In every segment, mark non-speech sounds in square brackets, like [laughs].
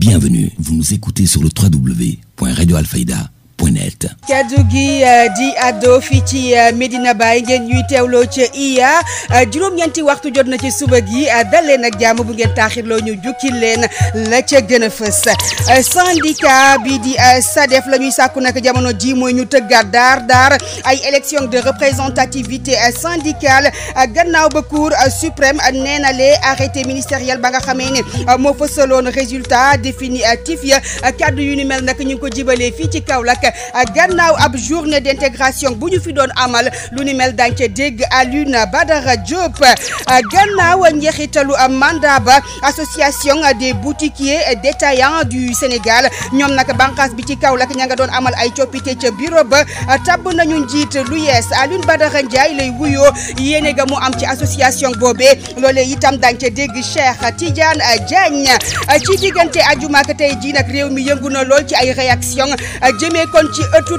bienvenue. Vous nous écoutez sur le www.radioalfaïda.com. point kaddu gi euh, di addo fii ci euh, Medina Baye ngeen ñuy teewloo ca iya euh, juróom-ñeenti waxtu jot na ci suba gi dal leen ak jàmm bu ngeen taaxirloo ñu jukki leen la ca gën a fës syndicat bi di SADEF la ñuy sàkku nag jamono ji mooy ñu tëggaat daar daar ay élection de représentativité syndicale gannaaw ba cour suprême nee na lee arrêté ministériel ba nga xamee ne moo fësaloon résultat définitif ya kaddu yu ni mel nag ñu ko jibalee fii ci Kaolack Euh, gannaaw ab journée d'intégration bu ñu fi doon amal lu ni mel dañ ca dégg Alioune Badara Diop euh, gannaaw njeexitalu mandat ba association des boutiquiers détaillants du Sénégal ñoom nag bànqaas bi ci Kaolack ña nga doon amal ay coppite ca bureau ba tabb nañu njiit lu yees Alioune Badara Ndiaye lay wuyoo yéene ga mu am ci association boobee loolee itam dañ ca dégg Cheikh Tidiane Diagne ci diggante ajuma ak tey jii nag réew mi yëngu na lool ci ay réaction jëmee ko kon ci ëttu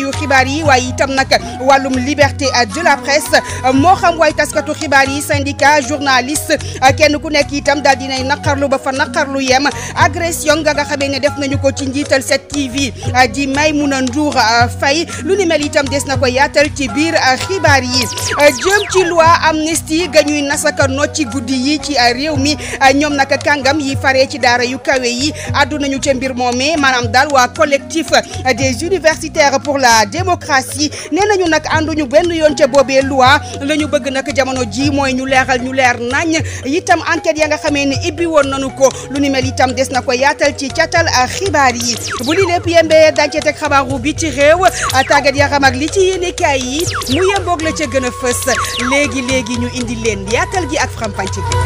yu xibaar yi waaye itam nag wàllum liberté de la presse moo xam waay taskatu xibaar yi syndicat journaliste kenn ku nekk itam daal dinay naqarlu ba fa naqarlu yem agression nga nga xamee ne def nañu ko ci njiital 7TV di Maimouna Ndour euh, Faye lu ni mel itam des na ko yaatal ci biir euh, xibaar yi euh, jëm ci loi amnistie ga ñuy nasaka noc guddi yi ci réew mi ñoom nag kàngam yi faree ci daara yu kawe yi àddu nañu ca mbir moomee maanaam daal waa universitaire pour la démocratie nee nañu nag ànduñu benn yoon ca boobee loi la ñu bëgg nag jamono ji mooy ñu leeral ñu leer nañ itam enquête ya nga xamee ni ibbi woon nañu ko lu ni mel itam des na ko yaatal ci catal xibaar yi bu li lépp yembee daañu teg xabaaru bi ci réew tàggat yaram ak li ci yéenekaay yi mu yemboog la ca gën a fës léegi léegi ñu indi leen yaatal gi ak faram-fàcce gi.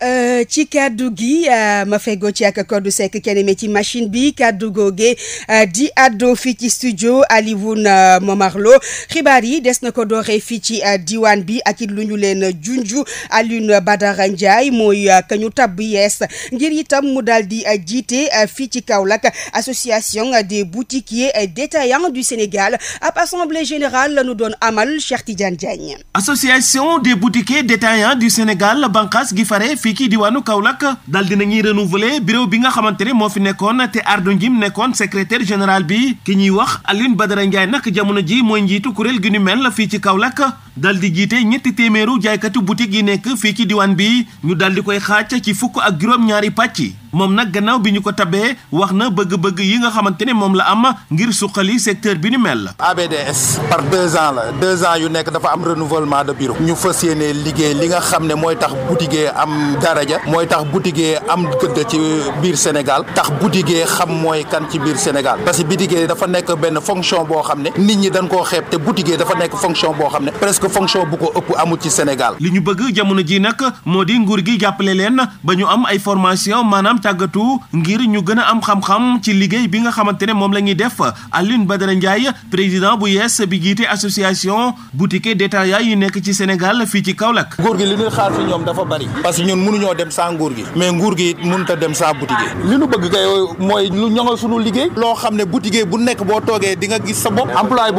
Euh, ci kaddu gi euh, ma feggoo ci ak Codou Seck kenn mi ci machine bi kaddu googe euh, di addo fii ci studio Alioune Momar Lo xibaar yi des na ko dooree fii ci diwaan bi ak it lu ñu leen junju Alioune Badara Ndiaye mooy ka ñu yees ngir itam mu dal di jiite fii ci Kaolack association des boutiquiers détaillants du Sénégal ab assemblée général la ñu doon amal Cheikh Tidiane Diagne. association des boutiquiers détaillants du Sénégal banqaas gi fare kii ci diwaanu Kaolack daal dina ñuy renouveler bureau bi nga xamante ne moo fi nekkoon te Ardo Ngim nekkoon secrétaire général bi ki ñuy wax Alioune Badara Ndiaye nag jamono ji mooy njiitu kuréel gi nu mel fii ci kawlak dal di jiite ñetti téeméeru jaaykati boutique yi nekk fii ci diwaan bi ñu dal di koy xaaj ci fukk ak juróom-ñaari pàcc moom nag gannaaw bi ñu ko tabee wax na bëgg-bëgg yi nga xamante ne moom la am ngir suqali secteur bi ni mel. ABDS par deux ans la deux ans yu nekk dafa am renouvellement de bureau ñu fas yéene liggéey li nga xam ne mooy tax boutique am daraja mooy tax boutique am gëdd ci biir Sénégal tax boutique xam mooy kan ci biir Sénégal parce que boutique dafa nekk benn fonction boo xam ne nit ñi dañ koo xeeb te dafa nekk fonction boo xam ne que fonction bu ko ëpp amul ci Sénégal. li ñu bëgg jamono ji nag moo di nguur gi jàppale leen ba ñu am ay formation maanaam tàggatu ngir ñu gën am xam-xam ci liggéey bi nga xamante ne moom la ñuy def Alioune Badara Ndiaye président bu yees bi jiite association boutique détaillants yi nekk ci Sénégal fii ci Kaolack. nguur gi li ñuy xaar fi ñoom dafa bari. parce que ñun mënuñoo dem sans nguur gi. mais nguur gi it mënut a dem sans boutique. li ñu bëgg kay mooy lu ñoŋal suñu liggéey. loo xam ne boutique bu nekk boo toogee di gis sa bopp. employé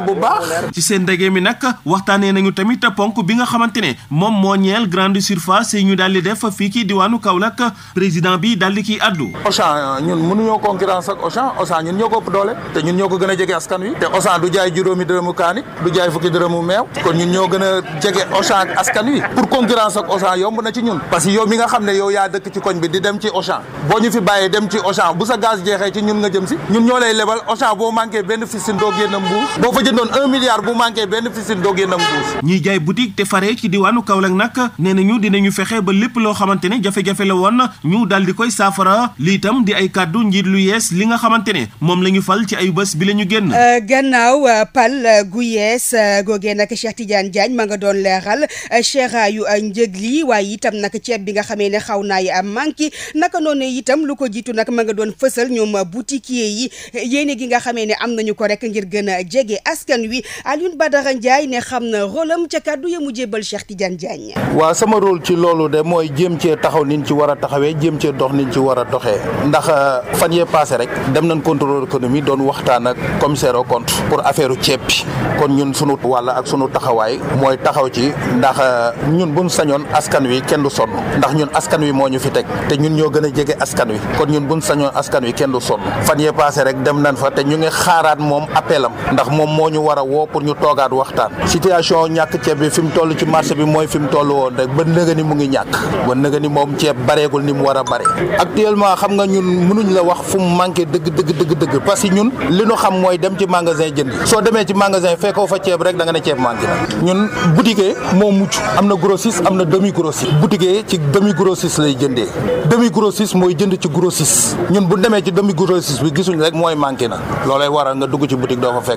émission bu baax. ci seen ndege mi nag waxtaanee nañu tamit ponk bi nga xamante ne moom moo ñeel grande surface yi ñu daal def fii ci diwaanu Kaolack président bi daal di kii addu. Auchan ñun mënuñoo concurrence ak Auchan ñun ñoo ko doole te ñun ñoo ko gën a jege askan wi te Auchan du jaay juróomi dërëmu kaani du jaay fukki dërëmu meew kon ñun ñoo gën jege Auchan ak askan wi pour concurrence ak Auchan yomb na ci ñun parce yow mi nga xam ne yow yaa dëkk ci koñ fa jëndoon un milliard bu manqué benn piscine doo génn ak mbuus. ñiy jaay boutique te fare ci diwaanu nag nee nañu dinañu fexe ba lépp loo xamante ne jafe la woon ñu daal di koy saafara lii itam di ay kàddu njiit lu yees li nga xamante ne moom la ñu fal ci ay bës bi la ñu génn. Euh, gannaaw euh, pal euh, gu yees googee nag Cheikh Tidiane jaañ ma nga doon leeral seeraayu njëg lii waaye itam nag ceeb bi nga xamee ne xaw naa yi manqué naka noonu itam lu ko jiitu nag ma nga doon fësal ñoom boutiquier yi yéene gi nga xamee ne am nañu ko rek ngir gën jege askan wi Alioune Badara Ndiaye ne xam na rôle am ca kàddu ya mu ti Cheikh Tidiane Diagne. waa sama rol ci loolu de mooy jéem cee taxaw niñ ci war a taxawee jéem cee dox niñ ci war a doxee ndax euh, fan passé rek dem nañ contrôle économie doon waxtaan ak commissaire au compte pour affaire ceeb bi kon ñun sunu wàll ak sunu taxawaay mooy taxaw ci ndax euh, ñun buñ sañoon askan wi kenn du sonn ndax ñun askan wi moo ñu fi teg te ñun ñoo gën a jege askan wi kon ñun buñ sañoon askan wi kenn du sonn fan yee passé rek dem nañ fa te ñu ngi xaaraat moom appel ndax moom moo ñu war a woo pour ñu toogaat waxtaan situation ñàkk ceeb bi fi mu toll ci marché bi mooy fi mu toll woon rek ba nëga ni mu ngi ñàkk ba nëga ni moom ceeb bareegul ni mu war bare actuellement xam nga ñun mënuñ la wax fu mu manqué dëgg dëgg dëgg dëgg parce que ñun li ñu xam mooy dem ci magasin jënd soo demee ci magasin fekkoo fa ceeb rek da nga ne ceeb manqué na ñun boutique moo mucc am na grossiste am na demi grossiste boutique ci demi grossiste lay jëndee demi grossiste mooy jënd ci grossiste ñun bu demee ci demi grossiste bi gisuñ rek mooy manqué na loolay ci boutique doo fa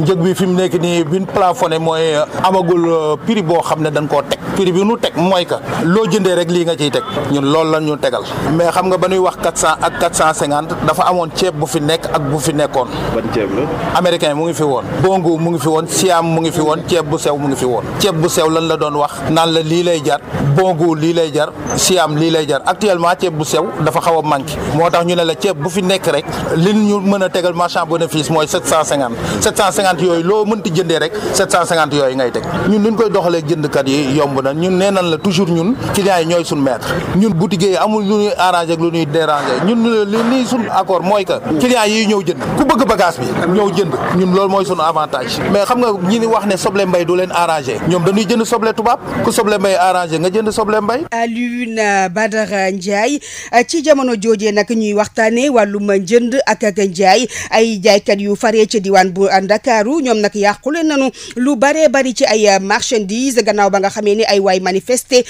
njëg bi fi mu nekk nii bi ñu mooy euh, amagul euh, prix boo xam ne dañ koo teg prix bi nu teg mooy loo jëndee rek lii nga ciy teg ñun loolu la ñu tegal mais xam nga ba ñuy wax quatre cent ak quatre cent cinquante dafa amoon ceeb bu fi nekk ak bu fi nekkoon. ban ceeb la. américain mu ngi fi woon. bongo mu ngi fi woon siam mu ngi fi woon ceeb bu sew mu ngi fi woon. ceeb bu sew lan la doon wax naan la lii lay jar bongo lii lay jar siam lii lay jar actuellement ceeb bu sew dafa xaw a manqué moo tax ñu ne la ceeb bu fi nekk rek li ñu mën a tegal marchand bénéfice mooy sept cent cinquante 750 yooyu loo mënti jëndee rek 750 yooyu ngay teg ñun luñ koy doxalee jëndkat yi yomb na ñun nee nañ la toujours ñun clients yi ñooy suñ maître ñun boutique yi amul lu arrangé ak lu dérangé ñun li lii suñ avantage mais xam nga ñi wax ne soble mbay du leen arrangé ñoom dañuy jënd soble tubaab ku soble mbay arrangé nga jënd soble mbay Alioune Badara Ndiaye ci jamono joojee nag ñuy waxtaane wàllum njënd ak njaay ay jaaykat yu faree ca diwaan ndakaaru ñoom nag yàqule nanu lu baree bari ci ay euh, marchandise gannaaw ba nga xamee ni ay waay manifesté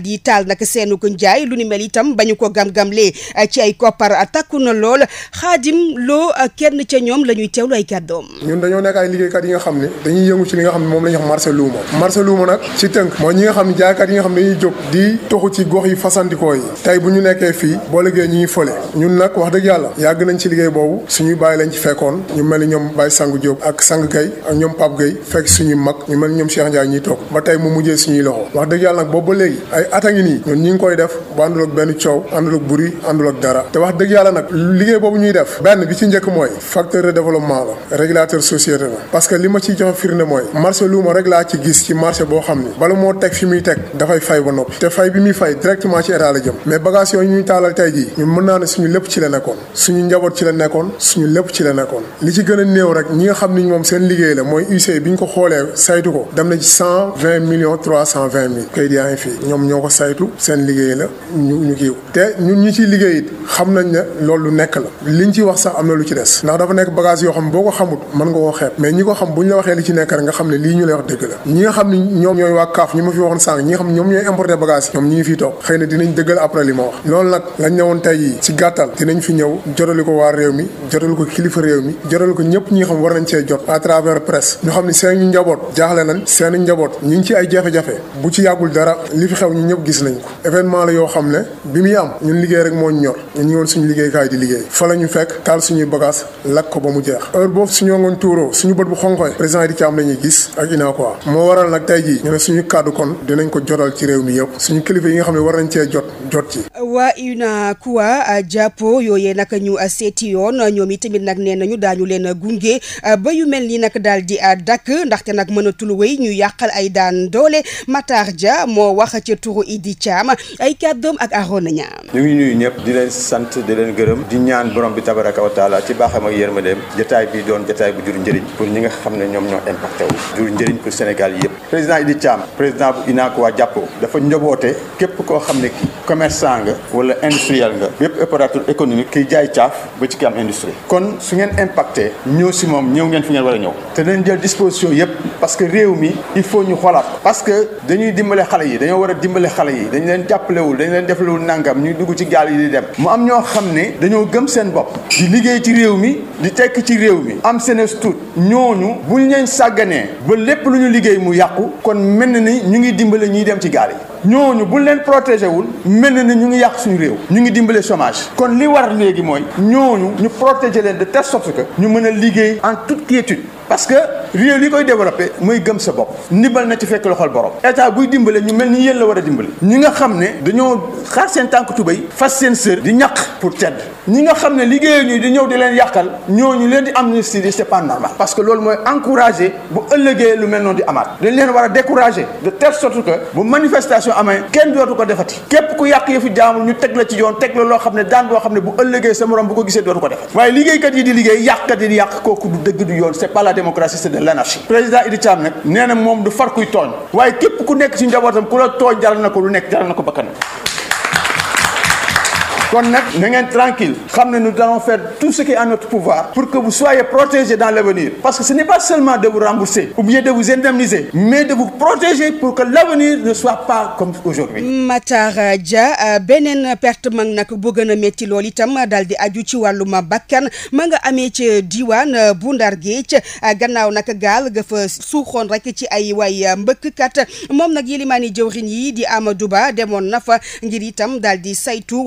di taal nag seenu ko njaay lu ni mel itam bañu ko gam-gamlee euh, ci ay koppar takku na lool xaadim loo euh, kenn ca ñoom la ñuy teewlu ay kàddoom ñun dañoo nekk ay liggéeykat yi nga xam ne dañuy yëngu ci li nga xam ne moom la ñuy wax marché luuma marché luuma nag ci tënk mooy ñi nga xam ne jaaykat yi nga xam ne dañuy jóg di toxu ci gox yi fasandikoo yi tey bu ñu nekkee fii boo liggéey ñu ngi fële ñun nag wax dëgg yàlla yàgg nañ ci liggéey boobu suñuy bàyyi lañ ci fekkoon ñu mel ni ñoom bàyyi sangu jóg ak sang gay ak ñoom Pape fekk suñu mag ñu mel ñoom Cheikh Ndiaye ñuy toog ba tey mu mujjee suñuy loxo wax dëgg yàlla nag boobu ba léegi ay at ngi nii ñun ngi koy def bu àndul ak benn coow àndul ak buri àndul ak dara te wax yàlla nag liggéey boobu ñuy def benn bi ci njëkk mooy facteur de développement la régulateur société la parce que li ma ciy joxe firnde mooy marché luuma rek laa ci gis ci marché boo xam ni bala moo teg fi muy teg dafay fay ba noppi te fay bi muy fay directement ci état la jëm mais bagage yooyu ñuy taalal tey jii ñun mën naa ne suñu lépp ci la nekkoon suñu njaboot ci la nekkoon suñu lépp ci a néew moom seen liggéey la mooy UC bi ñu ko xoolee saytu ko dem na ci cent vingt millions trois cent vingt mille kayit yaa ngi fii ñoom ñooy waa kaaf ñi ma fi waxoon sànq ñi xam ñoom ñooy importer bagage ñoom ñi ngi toog xëy na dinañ dëggal après li ma wax loolu nag lañ ne woon tey yi ci gàttal dinañ fi ñëw jotali ko waa réew mi jotali ko kilifa réew mi jotali ko ñëpp ñi xam war nañ cee jot a à travers presse ñu xam ne seen njaboot jaaxle nañ seen njaboot ñu ngi ci ay jafe-jafe bu ci yàggul dara li fi xew ñu ñëpp gis nañ ko événement la yoo xam ne bi muy am ñun liggéey rek moo ñor ñu ngi woon suñu liggéeykaay di liggéey fa la ñu fekk taal suñuy bagage lakk ko ba mu jeex heure boobu suñu ngoon tuuroo suñu bët bu xonqoy président Idi Thiam la ñuy gis ak ina quoi moo waral nag tey jii ñu ne suñu kàddu kon dinañ ko jotal ci réew mi yëpp suñu kilifa yi nga xam ne war nañ cee jot jot ci waa UNACOIS jàppo yooyee nag ñu seeti yoon ñoom itamit nag nee nañu daañu leen gunge yu mel ni nag daal di ah, dàkk ndaxte nag mënatul wéy ñu yàqal ay daan doole Matar ja moo wax ci turu Idi Thiam ay kàddoom ak Arona Niang. ñu ngi nuyu ñëpp di leen sant di leen gërëm di ñaan borom bi tabaraka wa taala ci baaxam ak yërmandeem jotaay bi doon jotaay bu jur njëriñ pour ñi nga xam ne ñoom ñoo impacté wu jur njëriñ pour Sénégal yëpp président Idi Thiam président bu UNACOIS waa jàppoo dafa njoboote képp koo xam ne kii commerçant nga wala industriel nga yëpp opérateur économique kiy jaay caaf ba ci ki am industrie kon su ngeen impacté ñëw si moom ñëw ngeen fu war a ñëw te dañ jël disposition yëpp parce que réew mi il faut ñu xoolaat parce que dañuy dimbale xale yi dañoo war a dimbale xale yi dañ leen jàppalewul dañ leen defalewul nangam ñuy dugg ci gaal yi di dem mu am ñoo xam ne dañoo gëm seen bopp di liggéey ci réew mi di tekk ci réew mi am senes tuut ñooñu buñ leen sàgganee ba lépp lu ñu liggéey mu yàqu kon mel na ni ñu ngi dimbale ñuy dem ci gaal yi ñooñu buñ leen protégé wul mel na ni ñu ngi yàq suñu réew ñu ngi dimbale chômage kon li war léegi mooy ñooñu ñu protéger leen de telle sorte que ñu mën a liggéey en toute quiétude parce que réew li koy développé muy gëm sa bopp ndimbal na ci fekk loxol borom état buy dimbale ñu mel ni yéen la war a dimbale ñi nga xam ne dañoo xaar seen tànk tubéy fas seen sër di ñaq pour tedd ñi nga xam ne liggéey ñu di ñëw di leen yàqal ñooñu leen di amnistie di c'est pas normal parce que loolu mooy encourager bu ëllëgee lu mel noonu di amaat dañ leen war a décourager de telle sorte que bu manifestation amee kenn dootu ko defati képp ku yàq yëfu jaamul ñu teg la ci yoon teg la loo xam ne daan boo xam ne bu ëllëgee sa morom bu ko gisee dootu ko defati waaye liggéeykat yi di liggéey yàqkat di yàq kooku du dëgg du yoon c'est pas la démocratie c'est de l'anarchie président moom du far kuy tooñ képp ku nekk ci njabootam ku la tooñ na ko lu nekk jaral ko bakkanam kon nag na ngeen tranquille xam ne nous allons faire tout ce qui en notre pouvoir pour que vous soyez protégés dans l'avenir parce que ce n'est pas seulement de vous rembourser ou bien de vous indemniser mais de vous protéger pour que l'avenir ne soit pas comme aujourd'hui Matar euh, Dia euh, beneen perte man nag bu gën a métti loolu itam daal di aju ci wàllum bakkan ma nga amee ci diwaan euh, bu Ndar Géej gannaaw nag gaal ga fa suuxoon ci ay way mbëkkkat moom nag yilimaani jëwriñ yi di Amadou Ba demoon na fa ngir itam daal di saytu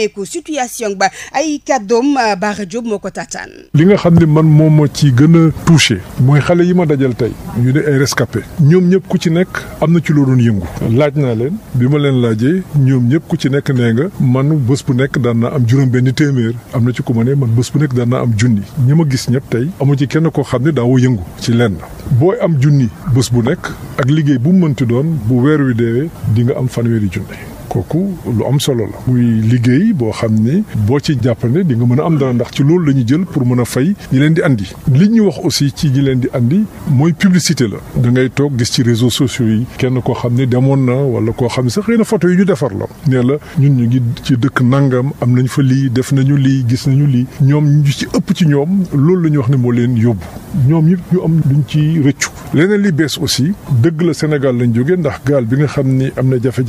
nemmeeku situation ba ay kàddoom euh, Bara Diop moo ko taataan. li nga xam ni man moom moo ci gën a touché mooy xale yi ma dajal tey ñu ne ay rescapé ñoom ñëpp ku ci nekk am na ci loo doon yëngu laaj naa leen bi ma leen laajee ñoom ñëpp ku ci nekk nee nga man bés bu nekk daan naa am juróom-benn téeméer am na ci ku ma ne man bés bu nekk daan naa am junni ñi ma gis ñëpp tey amu ci kenn koo xam ne daaw yëngu ci lenn booy am junni bés bu nekk ak liggéey bu mu mënti doon bu weer wi deewee di nga am fanweeri kooku lu am solo la muy liggéey boo xam ne boo ci jàppande di nga mën a am dara ndax ci loolu la ñu jël pour mën a fay ñi leen di andi li ñu wax aussi ci ñi leen di andi mooy publicité la da ngay toog gis ci réseau sociaux yi kenn koo xam ne demoon na wala koo xam ne sax na photo yi ñu defar la nee la ñun ñu ngi ci dëkk nangam am nañ fa lii def nañu lii gis nañu lii ñoom ñu ci ëpp ci ñoom loolu la ñu wax ne moo leen yóbbu ñoom yëpp ñu am luñ ci rëccu leneen li aussi dëgg la Sénégal lañ jógee ndax gaal bi nga xam ni am na jafe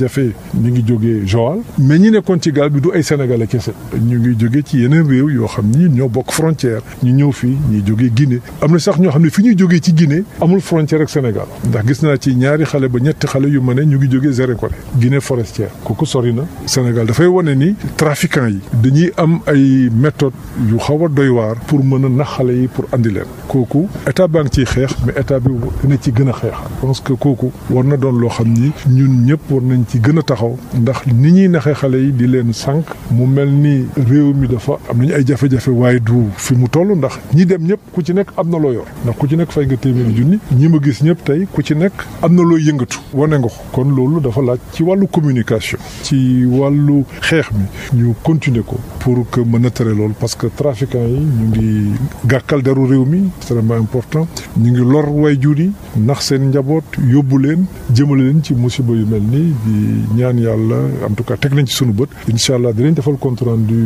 jógee Joal mais ñi nekkoon ci gaal bi du ay sénégalais kese ñu ngi jóge ci yeneen réew yoo xam ni ñoo bokk frontière ñu ñëw fii ñuy jógee Guinée am na sax ñoo xam ne fi ñuy jógee ci Guinée amul frontière ak Sénégal ndax gis naa ci ñaari xale ba ñetti xale yu ma ne ñu ngi jógee Zérékoré Guinée forestière kooku sori na Sénégal dafay wane ni trafiquants yi dañuy am ay méthodes yu xaw a doy pour mën a nax xale yi pour andi leen kooku état baa ngi ciy xeex mais état bi dina ci gën a xeex je pense que kooku war na doon loo xam ni ñun ñëpp war nañ ci gën a taxaw ndax ni ñuy naxee xale yi di leen sànq mu mel ni réew mi dafa am ñu ay jafe-jafe waaye du fi mu toll ndax ñi dem ñëpp ku ci nekk am na loo yor ndax ku ci nekk fay nga téeméeri junni ñi ma gis ñëpp tey ku ci nekk am na loo yëngatu wane nga ko kon loolu dafa laaj ci wàllu communication ci wàllu xeex mi ñu continuer ko pour que mën a tere loolu parce que trafiquants yi ñu ngi gàkkal daru réew mi extrêmement important ñu ngi lor way jur yi ndax seen njaboot yóbbu leen jëmale leen ci musiba yu mel nii di ñaan yàlla allah en tout cas teg nañ ci sunu bët incha allah dinañ defal compte rendu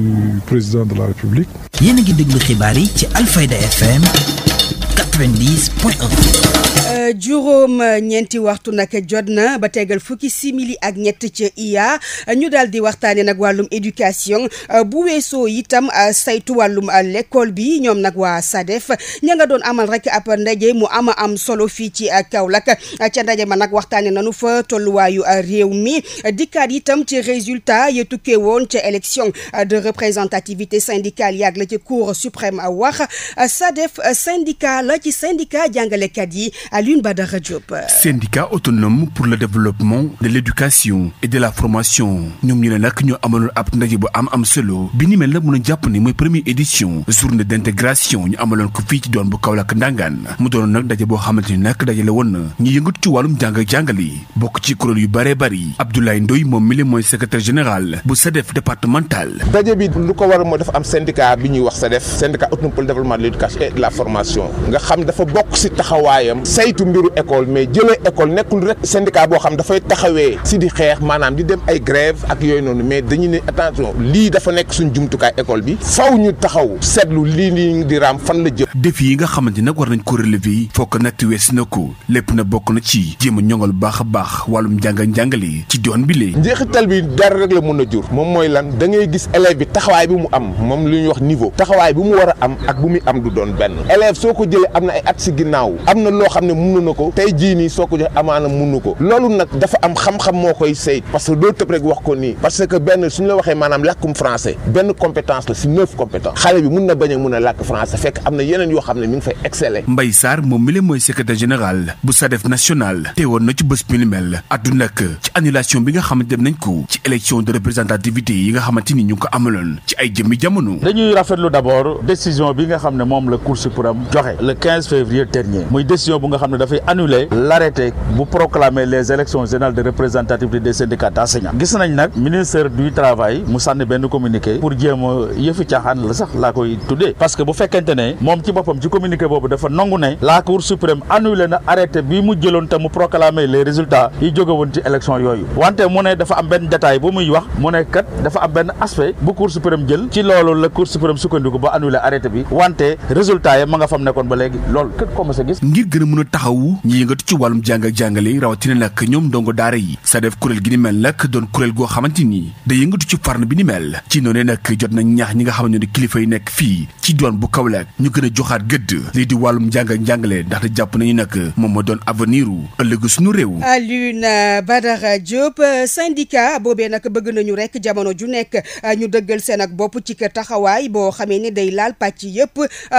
président de la république. yéen a ngi déglu xibaar yi ci Alfayda FM 90 point 1. juróom ñeenti waxtu nag jot na ba tegal fukki simili ak ñett ci IA ñu daal di waxtaanee nag wàllum éducation bu weesoo itam euh, saytu wàllum euh, lekkool bi ñoom nag waa SADEF ña nga doon amal rek ab ndaje mu ama am solo fii ci euh, Kaolack ca ndaje ma nag waxtaanee nanu fa tolluwaayu réew mi dikkaat itam ci résultat yi tukkee woon ca élection de représentativité syndicale yàgg la ci cour suprême wax SADEF syndicat la ci syndicat jàngalekat yi Alioune Badara Diop. syndicat autonome pour le développement de l'éducation et de la formation ñoom ñu ne nag ñoo amaloon ab ndaje bu am am selo bi ni mel la mën a jàpp ne mooy première édition journée d'intégration ñu amaloon ko fii ci doon bu Kaolack Ndangaan mu doonoon nag ndaje boo xamante ni nag dajale woon na ñu yëngut ci wàllum jàng jàngali bokk ci kuréel yu bëree bëri Abdoulaye Ndoye moom mi la mooy secrétaire général bu SEDEF départemental. ndaje bi lu ko war moo dafa am bi ñuy wax SEDEF syndicat autonome mbiru école mais jëlee école nekkul rek syndicat boo xam dafay taxawee si di xeex maanaam di dem ay grève ak yooyu noonu mais dañu ne attention lii dafa nekk suñ jumtukaay école bi faw ñu taxaw seetlu lii lii di raam fan la jëm. défi yi nga xamante nag war nañ ko relever fokk nag wees na ko lépp na bokk na ci jéem a ñoŋal baax a baax wàllum njàngal njàngale ci doon bi lee njeexital bi dara rek la mën a jur moom mooy lan da ngay gis élève bi taxawaay bi mu am moom lu ñuy wax niveau taxawaay bi mu war a am ak bu muy am du doon benn élève soo ko jëlee am na ay at ginnaaw mënu na ko tey jii nii soo ko jox amaana mënu ko loolu nag dafa am xam-xam moo koy sayt parce que doo tëb rek wax ko nii parce que benn suñu la waxee maanaam làkkum français benn compétence la si neuf compétence xale bi mun na bañ a mun a làkk français fekk am na yeneen yoo xam ne mi ngi fay exceller Mbaye Sarr moom mi la mooy secrétaire général bu SADEF national teewoon na ci bés bi ni mel àdduna ci annulation bi nga xamante dem ñu ngi xam ne moom la Cour suprême joxe dafay annuler l'arrêté bu proclamer les élections générales de représentativité des syndicats d'enseignants gis nañ nag ministère du travail mu sànni benn communiqué pour jéem a yëfi caaxaan la sax laa koy tuddee parce que bu fekkente ne moom ci boppam ci communiqué boobu dafa nangu ne la cour suprême annulé na arrêté bi mu jëloon te mu proclamer les résultats yi jóge woon ci élection yooyu wante mu ne dafa am benn détail bu muy wax mu ne kat dafa am bi wante résultat yi ma nga fam taxawu ñi yëngatu ci wàllum jàng ak jàngale rawatina nag ñoom ndongo daara yi sa def kuréel gi ni bi ni mel ci noonee nag jot nañ ñaax ñi nga xam ne kilifa yi nekk fii ci diwaan bu Kaolack ñu gën a joxaat gëdd lii di wàllum jàng ak jàngale ndaxte jàpp nañu nag moom moo doon avenir u ëllëgu suñu réew Alioune Badara Diop syndicat boobee nag bëgg nañu rek jamono ju nekk ñu dëggal seen ak bopp ci kër taxawaay boo xamee ni day laal pàcc yëpp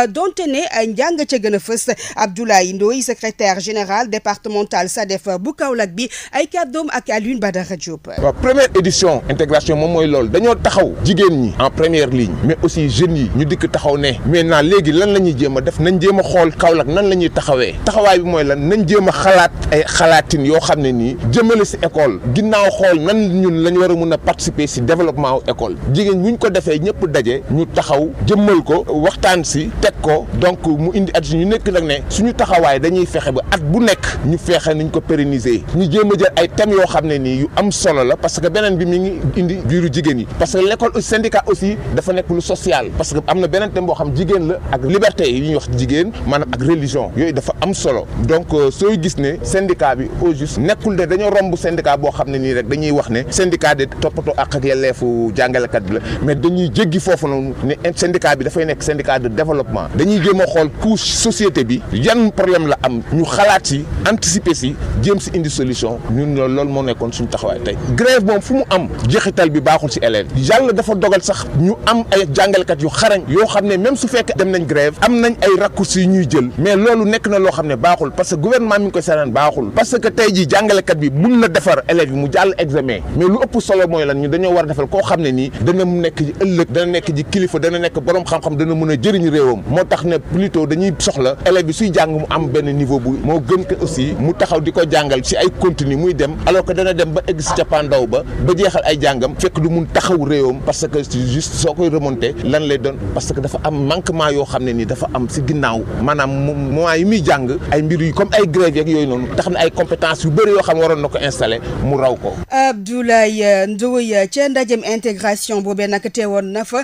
donte ne njàng ca gën a fës Abdoulaye Ndoye secrétaire secrétaire général départemental SADEF bu Kaolack bi ay kàddoom ak Alioune Badara Diop. waaw première édition intégration moom mooy loolu dañoo taxaw jigéen ñi en première ligne mais aussi jeunes yi ñu dikk taxaw ne maintenant léegi lan la ñuy jéem def nañ jéem xool Kaolack nan la ñuy taxawee taxawaay bi mooy lan nañ jéem a xalaat ay xalaatin yoo xam ne nii jëmale si école ginnaaw xool nan ñun lañu ñu a mun a participer si développement école jigéen bu ñu ko defee ñëpp daje ñu taxaw jëmmal ko waxtaan si teg ko donc mu indi at ñu nekk nag ne suñu taxawaay fexe ba at bu nekk ñu feexe nañ ko pérenniser ñu jéem a ay thèmes yoo xam ne nii yu am solo la parce que beneen bi mi ngi indi biiru jigéen yi parce que l'école syndicat aussi dafa nekk lu social parce que am na beneen boo xam jigéen la ak liberté yi ñuy wax jigéen maanaam ak religion yooyu dafa am solo donc euh, sooy gis ne syndicat bi au juste nekkul ne dañoo romb syndicat boo xam ne nii rek dañuy wax ne syndicat de toppatoo ak ak yelleefu jàngalekat bi la mais dañuy jéggi foofu noonu ne syndicat bi dafay nekk syndicat de développement dañuy jéem xool couche société bi yan problème la am ñu xalaat si anticiper si jéem si indi solution ñun loolu moo nekkoon suñu taxawaay tey grève moom fu mu am jeexital bi baaxul si élèves yàlla dafa dogal sax ñu am ay jàngalekat yu xarañ yoo xam ne même su fekkee dem nañ grève am nañ ay raccourcis yu ñuy jël mais loolu nekk na loo xam ne baaxul parce que gouvernement mi ngi koy seetaan baaxul parce que tey jii jàngalekat bi mun na defar élèves yi mu jàll examen mais lu ëpp solo mooy lan ñu dañoo war a defal koo xam ne nii dana nekk ji ëllëg dana nekk kilifa dana nekk borom xam-xam mën a jëriñ réewam moo tax ne plutôt dañuy soxla élève bi suy jàng mu am benn niveau boobu moo gën ko aussi mu taxaw di ko jàngal ci ay continue muy dem alors que dana dem ba egg ci cappaandaw ba ba jeexal ay jàngam fekk du mun taxaw réewam parce que juste soo koy remonté lan lay doon parce que dafa am manquement yoo xam ne ni dafa am ci ginnaaw maanaam moment yi muy jàng ay mbir yu comme ay grève yooyu noonu tax na ay compétence yu bëri yoo xam waroon na ko installé mu raw ko. Abdoulaye euh, Ndoye euh, ca ndajem intégration boobee nag teewoon na euh,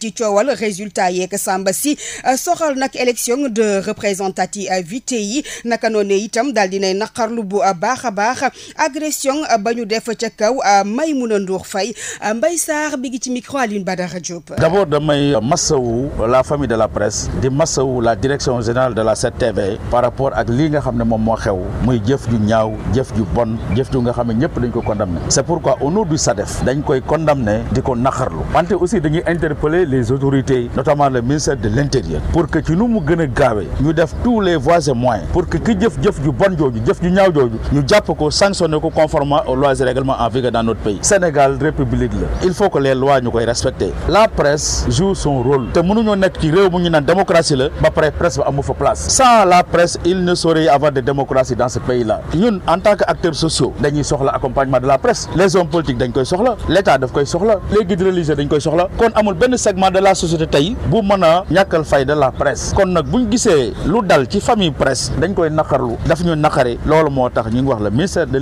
ci coowal résultat yeeg Samba si euh, soxal nag élection de représentativité euh, yi naka noonu itam daal dinay naqarlu bu euh, baax a baax agression ba ñu def ca kaw may Maïmouna Ndour Faye mbay Sarr bi ngi ci micro Aline Badara Diop. d'abord damay massawu la famille de la presse di massawu la direction générale de la 7 par rapport ak li nga xam ne moom moo xew muy jëf ju ñaaw jëf ju bon jëf ju nga xam ne ñëpp dañ ko condamné c'est pourquoi au nom du SADEF dañ koy condamné ko naqarlu wante aussi dañuy les autorités notamment le ministère de l'intérieur pour que ci nu mu gën a ñu def tous les voies moyens pour que ki jëf-jëf ju bon jooju jëf ju ñaaw jooju ñu jàpp ko sanctionné ko conformément aux lois et en vigueur dans notre pays Sénégal république la il faut que les lois ñu koy respecter la presse joue son rôle te mënuñoo nekk ci réew mu ñu naan démocratie la ba pare presse ba fa place sans la presse il ne saurait y de démocratie développement de la société moo tax ñu ngi wax la ministère de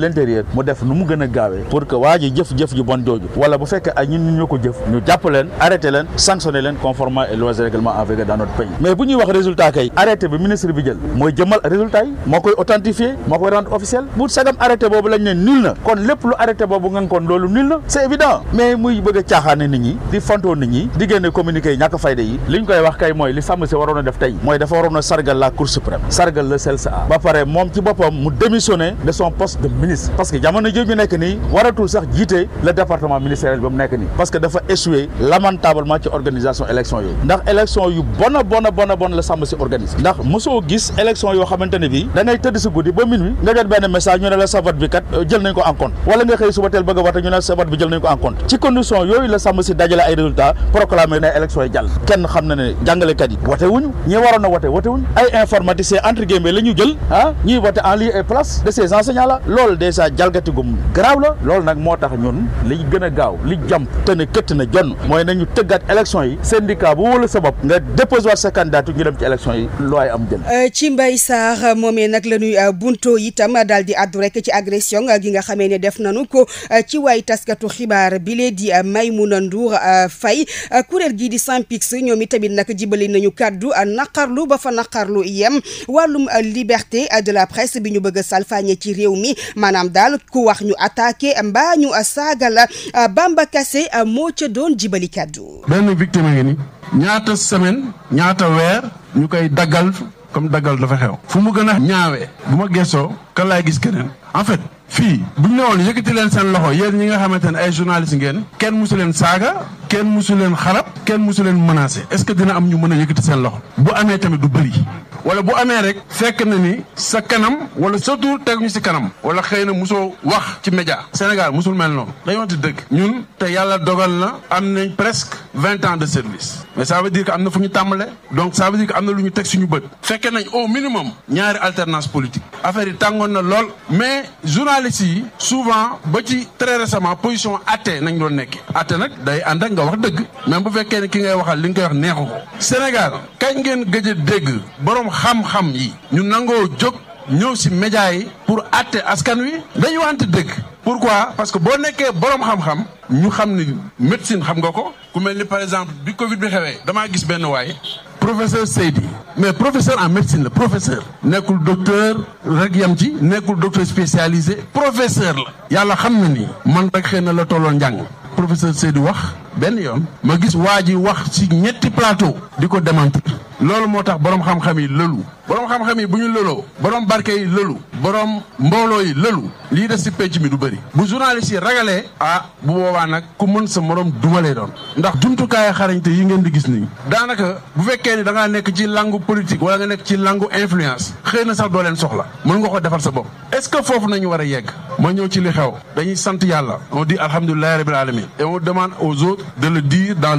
mais bu ñuy wax résultat kay arrêté bi ministre bi jël mooy jëmal résultat yi moo koy authentifié moo koy rendre officiel bu sagam arrêté boobu lañ ne nul na kon lépp lu arrêté boobu ngeen kon loolu nul na c'est évident mais muy bëgg a caaxaane nit ñi di fantoo nit ñi di communiqué yi ñàkk fayda yi li ñu koy wax kay mooy li sàmm si waroon def tey mooy dafa waroon a sargal la cour suprême sargal le CELSA ba pare moom ci boppam mu démissionné de son poste de ministre parce que jamono ji ñu nekk nii waratul sax jiite le département ministériel ba mu nekk nii parce que dafa échoué lamentablement ci organisation élection yooyu ndax élection yu bon a bon a la sàmm si organisé ndax mosoo gis élection yoo xamante da amee ne élection yi jàll kenn xam na ne jàngalekat yi wote wuñu ñi waroon a wote wote wuñu ay informaticiens entre guillemets la ñu jël ah ñuy wote en lieu et place de ces enseignants là loolu dèjà jalgati gum garaaw a gaaw li mooy nañu tëggaat élection yi syndicat bu wóolu sa bopp nga déposé waat sa candidature ñu dem ci élection yi looy am jël euh, ci Mbaye Sarr moomee nag la ñuy euh, itam daal di addu rek ci agression euh, gi nga ne def nanu ko ci waay taskatu xibaar bi lee di Maimouna Ndour Faye kuréel gii di Sampix ñoom tamit nag jibali nañu kàddu a ah, naqarlu ba fa naqarlu yem wàllum ah, liberté ah, de la presse bi ñu bëgg a salfaañe ci réew mi maanaam daal ku wax ñu attaqué mbaa ñu saaga la Bamba Kassé moo ca doon jibali kàddu. benn victime ngi ni ñaata semaine ñaata weer ñu koy daggal comme daggal dafa xew. fu mu gën a ñaawee bu ma gëstoo kan laay gis keneen en fait. fii bu ñu ne yëkkati leen seen loxo yéen ñi nga xamante ne ay journaliste ngeen kenn musu leen saaga kenn musu leen xarab kenn musu leen menacé est-ce que dina am ñu mën a yëkkati seen loxo bu amee tamit du bëri wala bu amee rek fekk na ni sa kanam wala sa tur teguñu si kanam wala xëy na musoo wax ci média Sénégal musul mel noonu dañoo ti dëgg ñun te yàlla dogal na am nañ presque vingt ans de service mais ça veut dire que am na fu ñu tàmbale donc ça veut dire am na lu ñu teg suñu bët fekkee nañ au minimum ñaari alternance politique affaire yi tàngoon na lool journalistes yi souvent ba ci très récemment position athée nañ doon nekkee athée nag day ànd ak nga wax dëgg même bu fekkee ne ki ngay waxal li nga koy wax neexu ko Sénégal kañ ngeen gëj a dégg borom xam-xam yi ñu nangoo jóg ñëw si média yi pour atte askan wi dañu wante dëgg pourquoi parce que boo nekkee borom xam-xam ñu xam ni médecine xam nga ko ku mel ni par exemple bi Covid bi xewee damaa gis benn waay professeur Seydi mais professeur en médecine la professeur nekkul docteur rek yam ci nekkul docteur spécialisé professeur la yàlla xam na ni man rek xëy na la tolloon njàng professeur Seydi wax benn yoon ma gis waa ji wax ci ñetti plateau di ko démentir loolu moo tax borom xam-xam yi lëlu borom xam-xam yi bu ñu lëloo borom barke yi lëlu borom mbooloo yi lëlu lii des ci pénc mi du bëri bu journaliste yi ragalee ah bu boobaa nag ku mën sa morom dumalee doon ndax jumtukaayu te yi ngeen di gis nii daanaka bu fekkee ni da ngaa nekk ci langu politique wala nga nekk ci langu influence xëy na sax doo leen soxla mën nga ko defal sa bopp est-ce que foofu nañu war a yegg ma ñëw ci li xew dañuy sant yàlla on dit alhamdulilahi rabbil alamin et demande aux autres de le dire dans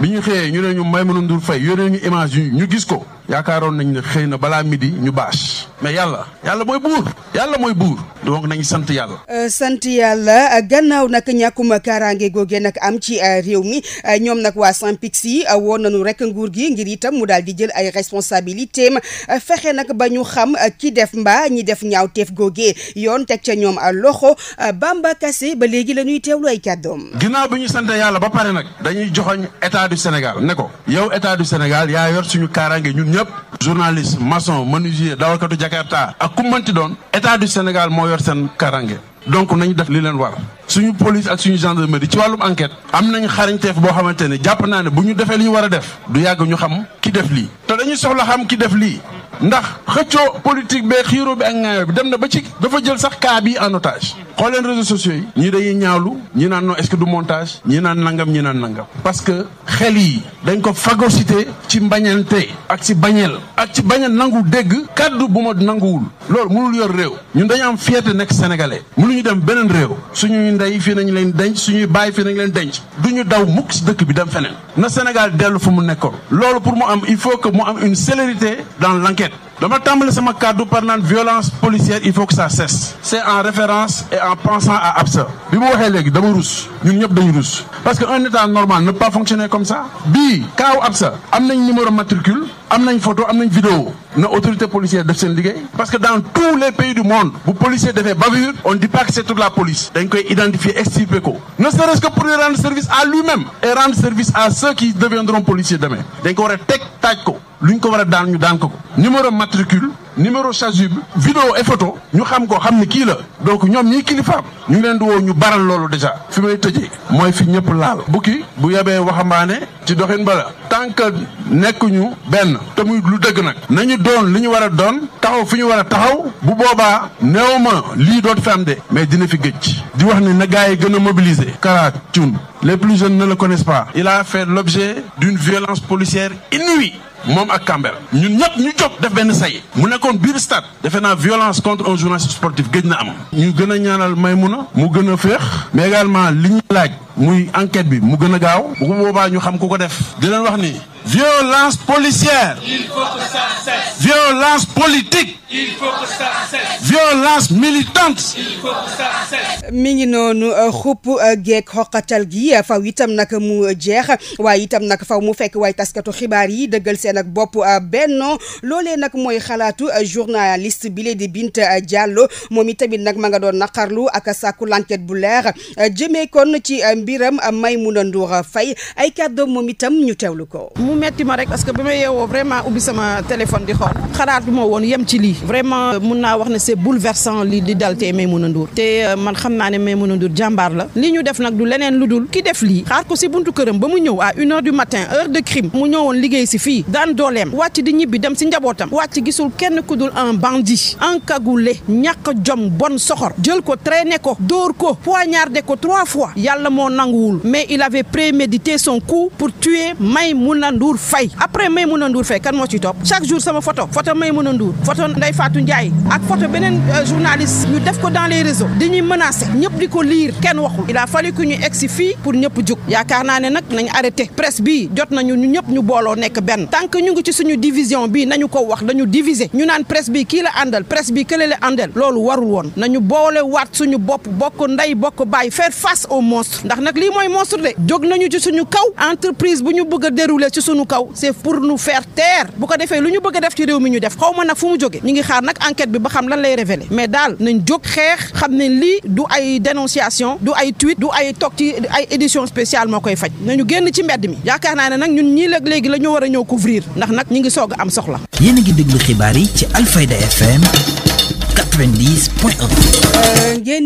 ñu xëyee ñu ne ñu Maïmouna Ndour Faye yónnee ñu états ñu gis ko yaakaaroon nañ ne xëy na balaa midi ñu bâche mais yàlla yàlla mooy buur yàlla mooy buur donc nañu sant yàlla. Euh, sant yàlla gannaaw nag ñàkkuma kaaraange googe nag am ci euh, réew mi euh, ñoom nag waa Synpics yi woon nañu rek nguur gi ngir itam mu daal di jël ay ma fexe nag ba ñu xam ki def mbaa ñi def ñaaw ñaawteef googe yoon teg ca ñoom a loxo Bamba Kassé ba léegi la ñuy teewlu ay kàddoom. ginnaaw bi ñu sant yàlla ba pare nag. dañuy joxoñ état Sénégal ne ñëpp journaliste maçon menuisier dawalkatu Jakarta ak ku mënti doon état du Sénégal moo yor seen karange donc nañu def li leen war suñu police ak suñu gendarmerie ci wàllum enquête am nañu xarañteef boo xamante ne jàpp naa ne bu ñu defee li ñu war a def du yàgg ñu xam ki def lii te dañuy soxla xam ki def lii ndax xëccoo politique bee xiiroo bi ak ngaayoo bi dem na ba ci dafa jël sax cas bi en otage xool leen réseaux sociaux yi ñii dañuy ñaawlu ñi naan non est du montage ñi naan nangam ñu naan nangam parce que xel yi dañ ko phagocyté ci mbañante ak ci bañeel ak ci bañeel nangu dégg kàddu bu ma nanguwul loolu mënul yor réew ñun dañu am fierté nekk sénégalais ñu dem beneen réew suñuy ndey fii nañ leen denc suñuy bàyyi fii nañ leen denc duñu daw mukk si dëkk bi dem feneen na Sénégal dellu fu mu nekkoon loolu pour dama tàmbali sama kàddu par naan violence policière il faut que ça cesse c'est en référence et en pensant à Absa bi mu waxee léegi dama rus ñun ñëpp dañu rus parce que un état normal ne peut pas fonctionner comme ça bii kaaw Absa am nañ numéro matricule am nañ photo am nañ vidéo na autorité policière def seen liggéey parce que dans tous les pays du monde bu policier defee bavure on dit pas que c'est toute la police dañ koy identifier extirper ko ne serait-ce que à lui-même et à ceux qui deviendront a teg taaj ko lu ñu ko war a daan ñu daan ko ko numéro matricule numéro chasuble vidéo et photo ñu xam ko xam ni kii la donc ñoom ñii kilifaam ñu ngi leen di woo ñu baral loolu déjà fi may tëjee mooy fi ñëpp laal bukki bu yebee waxambaane ci doxin ba tant que nekkuñu benn te muy lu dëgg nag nañu doon li ñu war a doon taxaw fi ñu war a taxaw bu boobaa néew ma lii doot fi am de mais dina fi gëj di wax ni na gars yi gën a mobiliser Kara Thioune les plus jeunes ne le connaissent pas il a fait l'objet d'une violence policière inouïe moom ak Kambel ñun ñëpp ñu jóg def benn say mu nekkoon biir stade defe naa violence contre un journaliste sportif gëj na am ñu gën a ñaanal Maymuna mu gën a féex mais li ñu laaj muy enquête bi mu gën a gaaw bu boobaa ñu xam ku ko def di leen wax ni violence policière il faut que ça cesse violence politique il militante il mi ngi noonu euh, xupp euh, geeg xoqatal gi euh, faw itam nag mu jeex waaye itam nag faw mu fekk waaye taskatu xibaar yi dëggal seen ak bopp benno loolee nag mooy xalaatu journaliste bile di Binta jàlloo moom itamit nag ma nga doon naqarlu ak sàkku l'enquête bu leex jëmee kon ci mbiram Maimouna Ndour Faye ay kàddoom moom itam ñu teewlu ko. mu metti ma rek parce que bi ma yeewoo vraiment ubbi sama téléphone di xool xalaat bi ma woon yem ci lii vraiment mun naa wax ne c'est bouleversant lii di dal te Maimouna Ndour te euh, man xam naa ne Maimouna Ndour jàmbaar la li ñu def nag du leneen lu dul ki def lii xaar ko si buntu këram mu ñëw à une heure du matin heure de crime mu ñëwoon liggéey si fii daan dooleem wàcc di ñibbi dem si njabootam wàcc gisul kenn ku dul un bandit encagoulé ñàkk jom bon soxor jël ko traîner ko dóor ko poignardé ko trois fois yàlla moo moo nanguwul mais il avait prémédité son coup pour tuer Maïmouna Ndour Faye après Maïmouna Ndour Faye kan moo ci topp chaque jour sama photo photo Maïmouna Ndour photo Ndeye Fatou Ndiaye ak photo beneen euh, journaliste ñu def ko dans les réseaux dañuy menacer ñëpp di ko liir kenn waxul il a fallu que ñu egsi fii pour ñëpp jug yaakaar naa ne nag nañ arrêté presse bii jot nañu ñu ñëpp ñu booloo nekk benn tant que ñu ngi ci suñu division bii nañu ko wax dañu diviser ñu naan presse bi kii la àndal presse bi kële la àndal loolu warul woon nañu boole waat suñu bopp bokk ndey bokk bàyyi faire face au monstre ndax nag lii mooy monstre de jóg nañu ci suñu kaw entreprise bu ñu bëgg a dérouler ci suñu kaw c'est pour nu faire ter bu ko defee lu ñu bëgg def ci réew mi ñu def xaw ma nag fu mu jóge ñu ngi xaar nag enquête bi ba xam lan lay révéler mais daal nañ jóg xeex xam ne lii du ay dénonciation du ay tweet du ay toog ci ay édition spéciale moo koy faj nañu génn ci mbedd mi yaakaar naa ne nag ñun ñii léeg léegi la ñu war a ñëw couvrir ndax nag ñu ngi soog a am soxla. yéen a ngi déglu xibaar yi ci Alfayda ngeen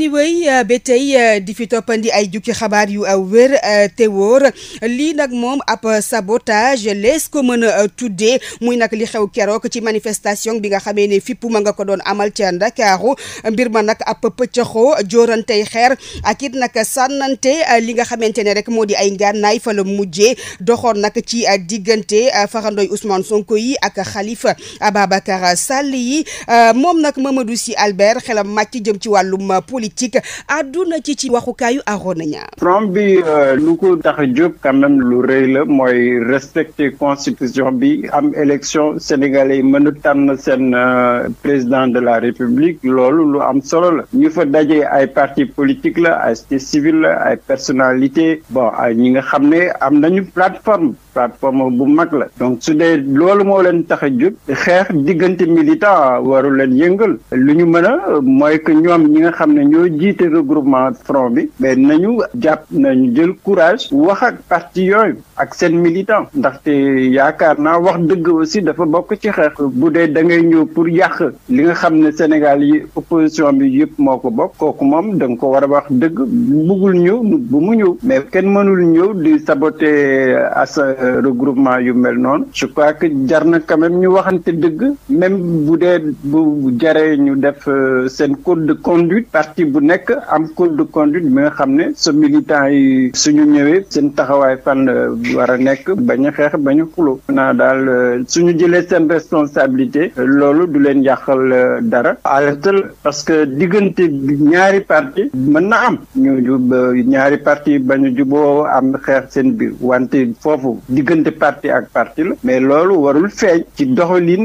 di wéy euh, ba euh, di fi toppandi ay jukki xabaar yu euh, wér te wóor lii nag moom ab sabotage lees ko mën a tuddee muy nag li xew keroog ci manifestation bi nga xamee ne fippu ma nga ko doon amal ca Ndakaaru mbir ma nag ab pëccëxoo joorantey xeer ak it nag sannante li nga xamante ne rek moo di ay ngànnaay fa la mujjee doxoon nag ci diggante farandoy Ousmane Sonko yi ak xalifa Ababacar Sall yi moom nag Mamadou Sy Albert xelam màcc jëm ci wàllum politique àdduna ci ci waxukaayu Arona Niang. Trump bi euh, lu ko tax a jóg quand même lu rëy la mooy respecte constitution bi am élection sénégalais yi mën a tànn seen euh, président de la république loolu lu am solo la ñu fa daje ay parti politique la ay société civile la ay personnalité bon ay ñi nga xam ne am nañu plateforme plateforme bu mag la donc su dee loolu moo leen tax jóg xeex diggante militant waru yëngal lu ñu mën a mooy que ñoom ñi nga xam ne ñoo jiite regroupement front bi mais nañu jàpp nañu jël courage wax ak parti yooyu ak seen militant ndaxte yaakaar naa wax dëgg aussi dafa bokk ci xeex bu dee da ngay ñëw pour yàq li nga xam ne Sénégal yi opposition bi yëpp moo ko bokk kooku moom da nga ko war a wax dëgg bëggul ñëw bu mu ñëw mais kenn mënul ñëw di saboter euh, as euh, regroupement yu mel noonu je crois que jar na quand ñu waxante dëgg même bu dee bu jaree ñu def euh, seen code de conduite parti bu nekk am code de conduite bi nga xam ne sa militant yi suñu ñëwee seen taxawaay fan la euh, war a nekk bañ a xeex bañ a xuloo naa daal euh, suñu jëlee seen responsabilité loolu du leen yàqal dara alertal parce que diggante ñaari parti mën na am ñu ñaari parti bañ juboo am xeex seen bi wante foofu diggante parti ak parti la mais loolu warul feeñ ci doxalin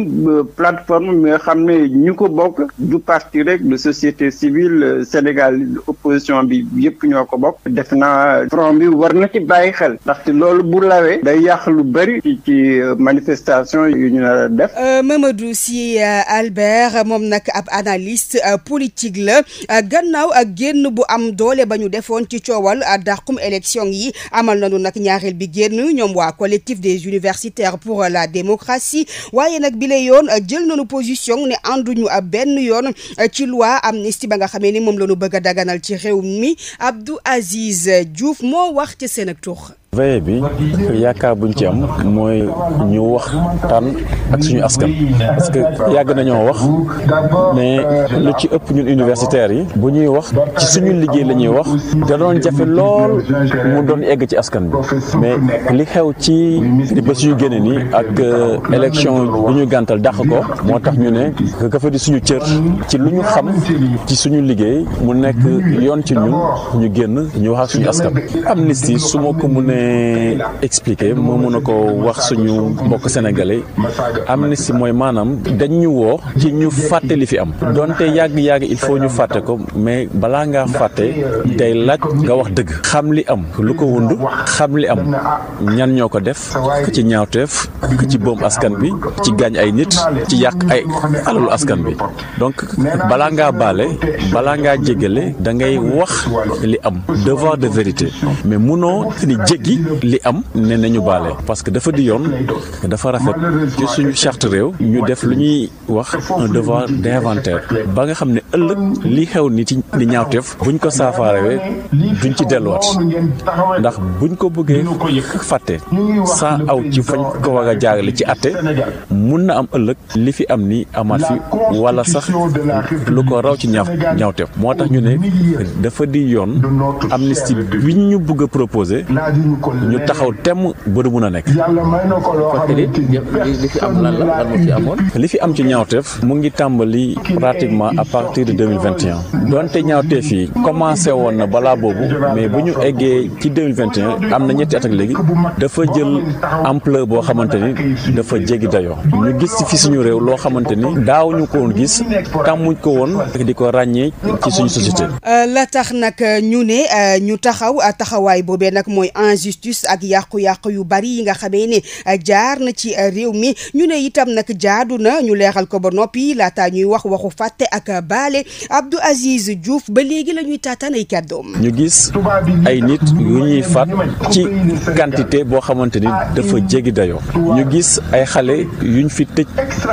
plateforme mi xam ne ñu ko bokk du parti rek du société civile euh, Sénégal opposition bi yëpp ñoo ko bokk def naa front bi war na ci bàyyi xel ndaxte loolu bu lawee day yàq lu bëri ci euh, manifestation yu ñu nar a def. Euh, Mamadou Sy Albert moom nag ab analyste politique la gannaaw ak génn bu am doole ba ñu defoon ci coowal dàqum élection yi amal nañu nag ñaareel bi génn ñoom waa collectif des universitaires pour la démocratie waaye nag bi la yoon jël nañu position ne ànduñu benn yoon. yoon euh, am loi amnistie ba nga xamee ni moom la ñu bëgg a daganal ci réew mi Abdou Aziz Diouf moo wax ci seen ak tur veille bi yaakaar buñ ci am mooy ñu waxtaan ak suñu askan parce que yàgg nañoo wax mais lu ci ëpp ñun universitaires yi bu ñuy wax ci suñu liggéey la ñuy wax te jafe lool mu doon egg ci askan bi mais li xew ci ba suñu génne ni ak euh, élection bu ñu gàntal dàq ko moo tax ñu ne gafadi suñu cër ci lu ñu xam ci suñu liggéey mu nekk yoon ci ñun ñu génn ñu wax ak suñu askan amnistie su ma ko mu ne expliquer moo mën a ko wax suñu mbokk sénégalais amnistie mooy maanaam dañ ñu woo ci ñu fàtte li fi am donte yàgg-yàgg il faut ñu fàtte ko mais balaa ngaa fàtte day laaj nga wax dëgg xam li am lu ko wund xam li am ñan ñoo ko def ku ci ñaawteef ku ci boom askan bi ci gaañ ay nit ci yàq ay alalu askan bi donc balaa ngaa baale balaa ngaa jéggale da wax li am devoir de vérité mais munoo ni jéggi gi li am ne nañu baale parce dafa di yoon dafa rafet ci suñu charte réew ñu def lu ñuy wax un devoir d'inventaire ba nga xam ne ëllëg li xew ni ci ni bu buñ ko saafaarewee duñ ci delluwaat ndax buñ ko bëggee fàtte saa aw ci fañ ko war a jaarale ci atte mun na am ëllëg li fi am ni amaat fi wala sax lu ko raw ci ñaaw ñaawteef moo tax ñu ne dafa di yoon amnistie bi ñu bëgg a proposé ñu taxaw temm ba du mun a nekk. li fi am lan la lan fi amoon. li fi am ci ñaawteef. mu ngi tàmbali pratiquement à partir de deux mille vingt et un. donte ñaawteef yi commencé woon na balaa boobu mais bu ñu eggee ci deux mille vingt et am na ñetti at ak léegi dafa jël ampleur boo xamante ni dafa jéggi dayoo. ñu gis fi suñu réew loo xamante ni daawuñu ko woon gis tàmmuñ ko woon di ko ràññee ci suñu société. Euh, la tax nag euh, ñu ne euh, ñu taxaw taxawaay boobee nag mooy enjeu justice ak yàqu-yàqu yu bari yi nga xamee ne eh, jaar na ci eh, réew mi ñu ne itam nag jaadu na ñu leeral ko ba noppi laataa ñuy wax waxu fàtte ak baale Abdou Aziz Diouf ba léegi la ñuy taataan ay kàddoom. ñu gis ay nit yu ñuy faat ci quantité boo xamante ni dafa jéggi dayo ñu gis ay xale yuñ fi tëj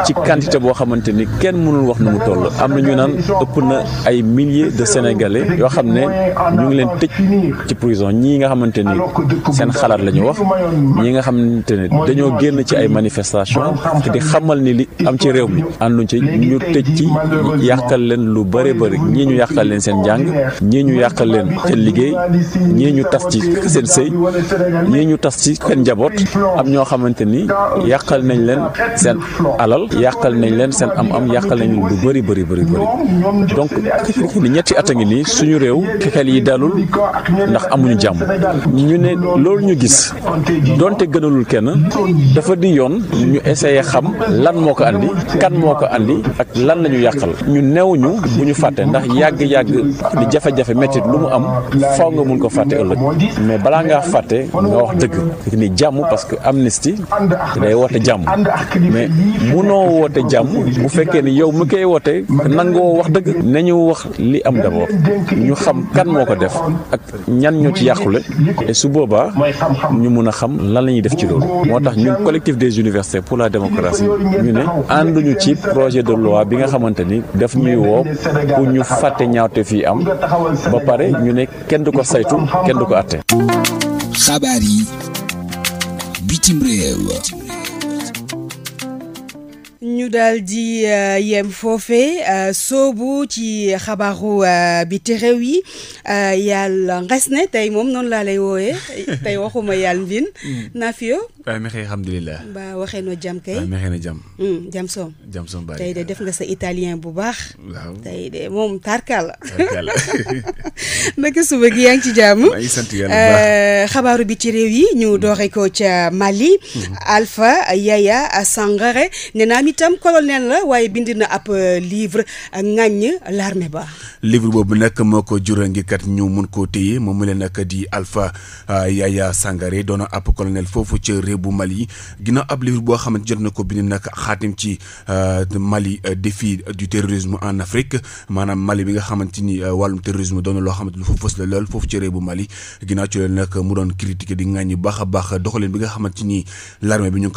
ci quantité boo xamante ni kenn mënul wax nu mu toll am na ñu naan ëpp na ay milliers de sénégalais yoo xam ne ñu ngi leen tëj ci prison ñii nga xamante seen xalaat la ñu wax ñi nga xamante ne dañoo génn ci ay manifestation di xamal ni li am ci réew mi ànduñ ci ñu tëj ci yàqal leen lu bare bëri ñii ñu yàqal leen seen njàng ñii ñu yàqal leen seen liggéey ñii ñu tas ci seen sëy ñii ñu tas ci seen njaboot am ñoo xamante ni yàqal nañ leen seen alal yàqal nañ leen seen am-am yàqal nañ leen lu bëri bëri bëri bëri donc ni ñetti at a ngi nii suñu réew xel yi dalul ndax amuñu jàmm loolu ñu gis donte gënalul kenn dafa di yoon ñu essayer xam lan moo ko andi kan moo ko andi ak lan la ñu yàqal ñu neew ñu bu ñu fàtte ndax yàgg-yàgg di jafe-jafe métti lu mu am faw nga mun ko fàtte ëllëg mais balaa ngaa fàtte nga wax dëgg ni jàmm parce que amnistie day woote jàmm mais munoo woote jàmm bu fekkee ni yow mu koy woote nangoo wax dëgg nañu wax li am d'abord ñu xam kan moo ko def ak ñan ñoo ci yàqule et su boobaa boobaa ñu mun a xam lan la ñuy def ci loolu moo tax ñu collectif des universités pour la démocratie ñu ne ñu ci projet de loi bi nga xamante ni daf ñuy woo pour ñu fàtte ñaawte fii am ba pare ñu ne kenn du ko saytu kenn du ko atte xabaar yi bitim réew ñu daal di euh, yem foofe euh, soobu ci xabaaru euh, biti réew yi yàlla nges ne tey moom noonu laa lay wooyee [laughs] waxuma yàlla mbin mm. naa waaye mi xëy alhamdulilah. mbaa waxee na jàmm kay. waaw mi soom. jàmm de def nga sa italien bu baax. waaw de moom tarkal. tarkal. [laughs] naka suba gi yaa ci jàmm. maa euh, xabaaru bi ci réew yi ñu hmm. doore ko ca Mali. Hmm. Alpha Yaya Sangare nee naa itam colonel la waaye bind na ab euh, livre ŋàññ l'armée ba. livre boobu nag moo ko jural ngi kat ñu mun koo téye moom mu leen nag di Alpha euh, Yaya Sangare doon ab colonel foofu ca réew. bu Mali ginnaaw ab livre boo xamante jot na ko bind nag xaatim ci euh, Mali euh, défi du terrorisme en Afrique maanaam Mali bi nga xamante ni euh, wàllum terrorisme doon na loo xamante lu fa fës la lool foofu ci réew bu Mali ginnaaw ci loolu nag mu a baax doxalin bi nga xamante ni l'armée bi ñu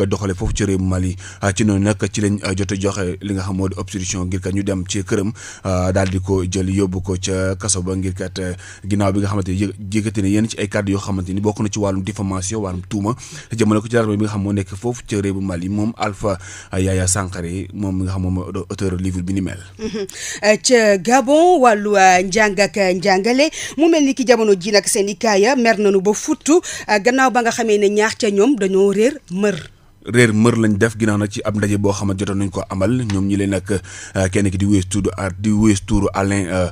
ngi noonu nag ci lañ jot a joxe li nga xam moo di obstruction ngir kat ñu dem ci këram daal di ko jël yóbbu ko ca kaso ba ngir kat ginnaaw bi nga xamante ni yëkkati na yenn ci ay kàddu yoo xamante ni bokk na ci wàllum diffamation wàllum Diarra bi nga xam nekk foofu ca réewu Mali moom Alpha Yaya Sankharé moom mi nga xam moom mooy auteur livre bi ni mel. Mhm. Euh, ca Gabon wàllu euh, njàng ak euh, mu mel ni ki jamono ji nag syndicat ya mer nañu ba futtu gannaaw ba nga xamee ne ñaax ca ñoom dañoo réer mër. réer mër lañ def ginnaaw nag ci ab ndaje boo xam ne jotoon nañ ko amal ñoom ñi leen nag euh, kenn ki di wuyee tudd di wuyee tuuru Alain euh,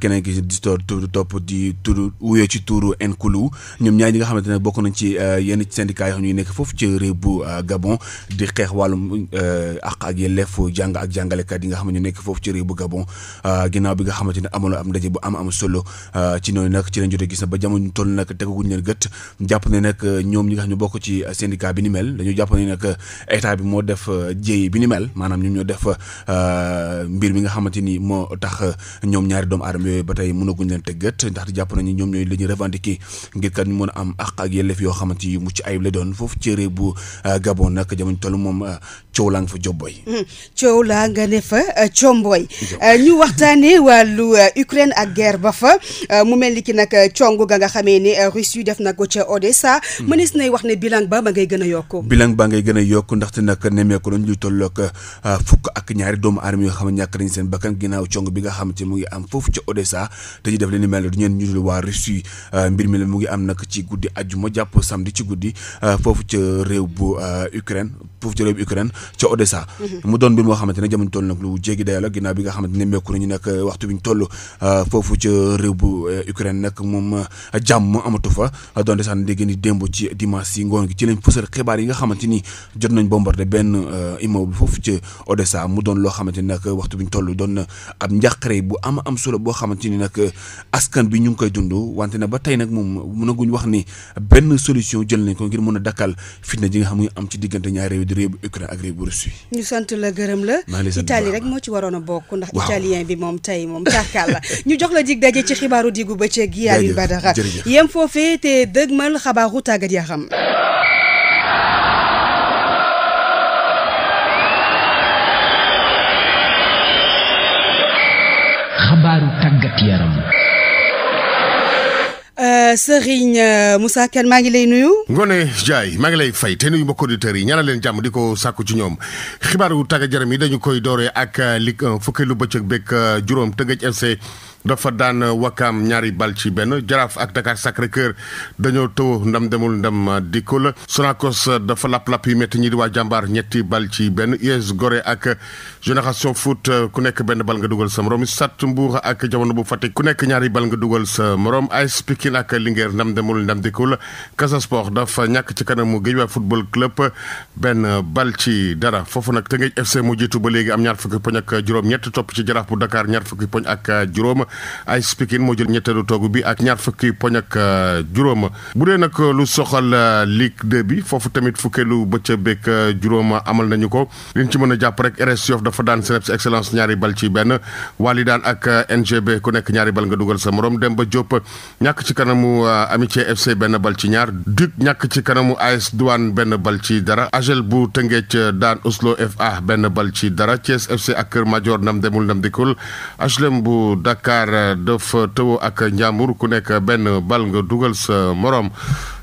keneen ki di topp di tudd wuyee ci tuuru Nkulu ñoom ñaar ñi nga xamante ne bokk nañ ci euh, yenn syndicat yoo xam ñuy nekk foofu ci réew bu Gabon di xeex wàllum àq ak yelleef jàng ak jàngalekat yi nga xam ne ñu nekk foofu ci bu Gabon ginnaaw bi nga xamante ne amoon ab ndaje bu solo ci noonu nag ci lañ jotee gis na ba jamono toll nag tegaguñ leen gët jàpp ne nag ñoom ñi nga xam ñu bokk ci syndicat bi ni mel dañoo jàpp ne nag que état bi moo def euh, jéey bi ni mel maanaam ñun ñoo def euh, mbir mi nga xamante ni moo tax euh, ñoom ñaari doomu aadama yooyu ba tey mënaguñ leen tëggat ndaxte jàpp nañu ñoom ñooy li ñu revendiquer ngir kat ñu mën a am àq ak yelleef yoo xamante yi mucc ayib la doon foofu ci réew bu Gabon nag jamono toll moom coow laa nga fa jobboy hmm. coow laa nga ne fa comboy ñu waxtaanee wàllu Ukraine ak guerre ba fa mu mel ni ki nag congo ga nga xamee ne Russie def na ca Odessa hmm. mënees nay wax ne bilan ba ngay gën a yokk bilan ba ngay day gën a yokk ndaxte nag nemmeeku nañ lu tolloog ah, fukk ak ñaari doomu armée yoo xam ne ñàkk nañ seen bakkan ginnaaw cong bi nga xam te mu ngi am foofu ca Odessa dañuy def leen ni mel du ñeen ñu dul waa Russie ah, mbir mi la mu ngi am nag ci guddi ajjuma jàpp samedi ci guddi ah, foofu ca réew bu Ukraine foofu ci réew Ukraine ca Odessa mhm. mu doon mbir moo xamante ne jamono toll nag lu jéggi dayo la ginnaaw bi nga xamante ne mekku eh, waxtu bi ñu toll eh, foofu ca réew bu eh, Ukraine nag moom jàmm amatu fa doonte sax dégg ni démb ci dimanche si ngoon gi ci lañ fësal xibaar yi nga xamante ni jot nañ bombardé benn immeuble foofu ci Odessa mu doon loo xamante ni nag waxtu bi ñu toll doon na ab njàqare bu am am solo boo xamante ni nag askan bi ñu ngi koy dund wante na ba tey nag moom mënaguñ wax ni benn solution jël nañ ko ngir mën a dakkal fitna ji nga xam am ci diggante ñaari ak ñu sant la gërëm la Italie rek moo ci waroon a bokk ndax italien bi moom tey moom tarkaal la ñu jox la dig daje ci xibaaru diggu bëccëg gi Aliou Badara yem foofee te dëgmal xabaaru tàggat yaa xam xabaaru tàggat yaram Euh, Serigne euh, Moussa kenn maa ngi lay nuyu. Ngone Ndiaye maa ngi lay fay te nuyu mbokk auditeurs yi ñaanal leen jàmm di ko sàkku ci ñoom xibaaru tàggat yaram yi dañu koy dooree ak euh, Ligue 1 fukki lu bëccëg beeg juróom Teungueth FC. dafa daan wakkaam ñaari bal ci benn jaraaf ak Dakar Sacré-Cœur dañoo tëw ndam demul ndam dikkul Sonacos dafa lapp-lapp yu métti ñi di waa jàmbaar ñetti bal ci benn US Gorée ak Génération Foot ku nekk benn bal nga dugal sa morom Sat Mbuur ak jamono bu Fatick ku nekk ñaari bal nga dugal sa morom AS Pikine ak Linguère ndam demul ndam dikkul Casa Sport dafa ñàkk ci kanam kanamu Guédiawaye Football Club benn bal ci dara foofu nag Teungueth FC mu jiitu ba léegi am ñaar fukki poñ ak juróom ñett topp ci jaraaf bu Dakar ñaar fukki poñ ak juróom AS Pikine moo jël ñetteelu toogu bi ak ñaar fukki poñ ak euh, juróoma bu dee nag euh, lu soxal euh, Ligue de bi foofu tamit fukkeelu bëccëg beeg juróoma amal nañu ko liñ ci mën a jàpp rek RS Yoff dafa daan CNEPS excellence ñaari bal ci benn Wali daan ak NGB ku nekk ñaari bal nga dugal sa moroom dem ba Diop ñàkk ci kanamu Amitié FC benn bal ci ñaar Duc ñàkk ci kanamu AS Douane benn bal ci dara Agel bu Tëngéej daan Oslo FA benn bal ci dara Thiès FC ak Kër Madior nam demul nam ñaar euh, dafa euh, tëwoo ak njàmbur ku nekk benn bal nga dugal sa morom.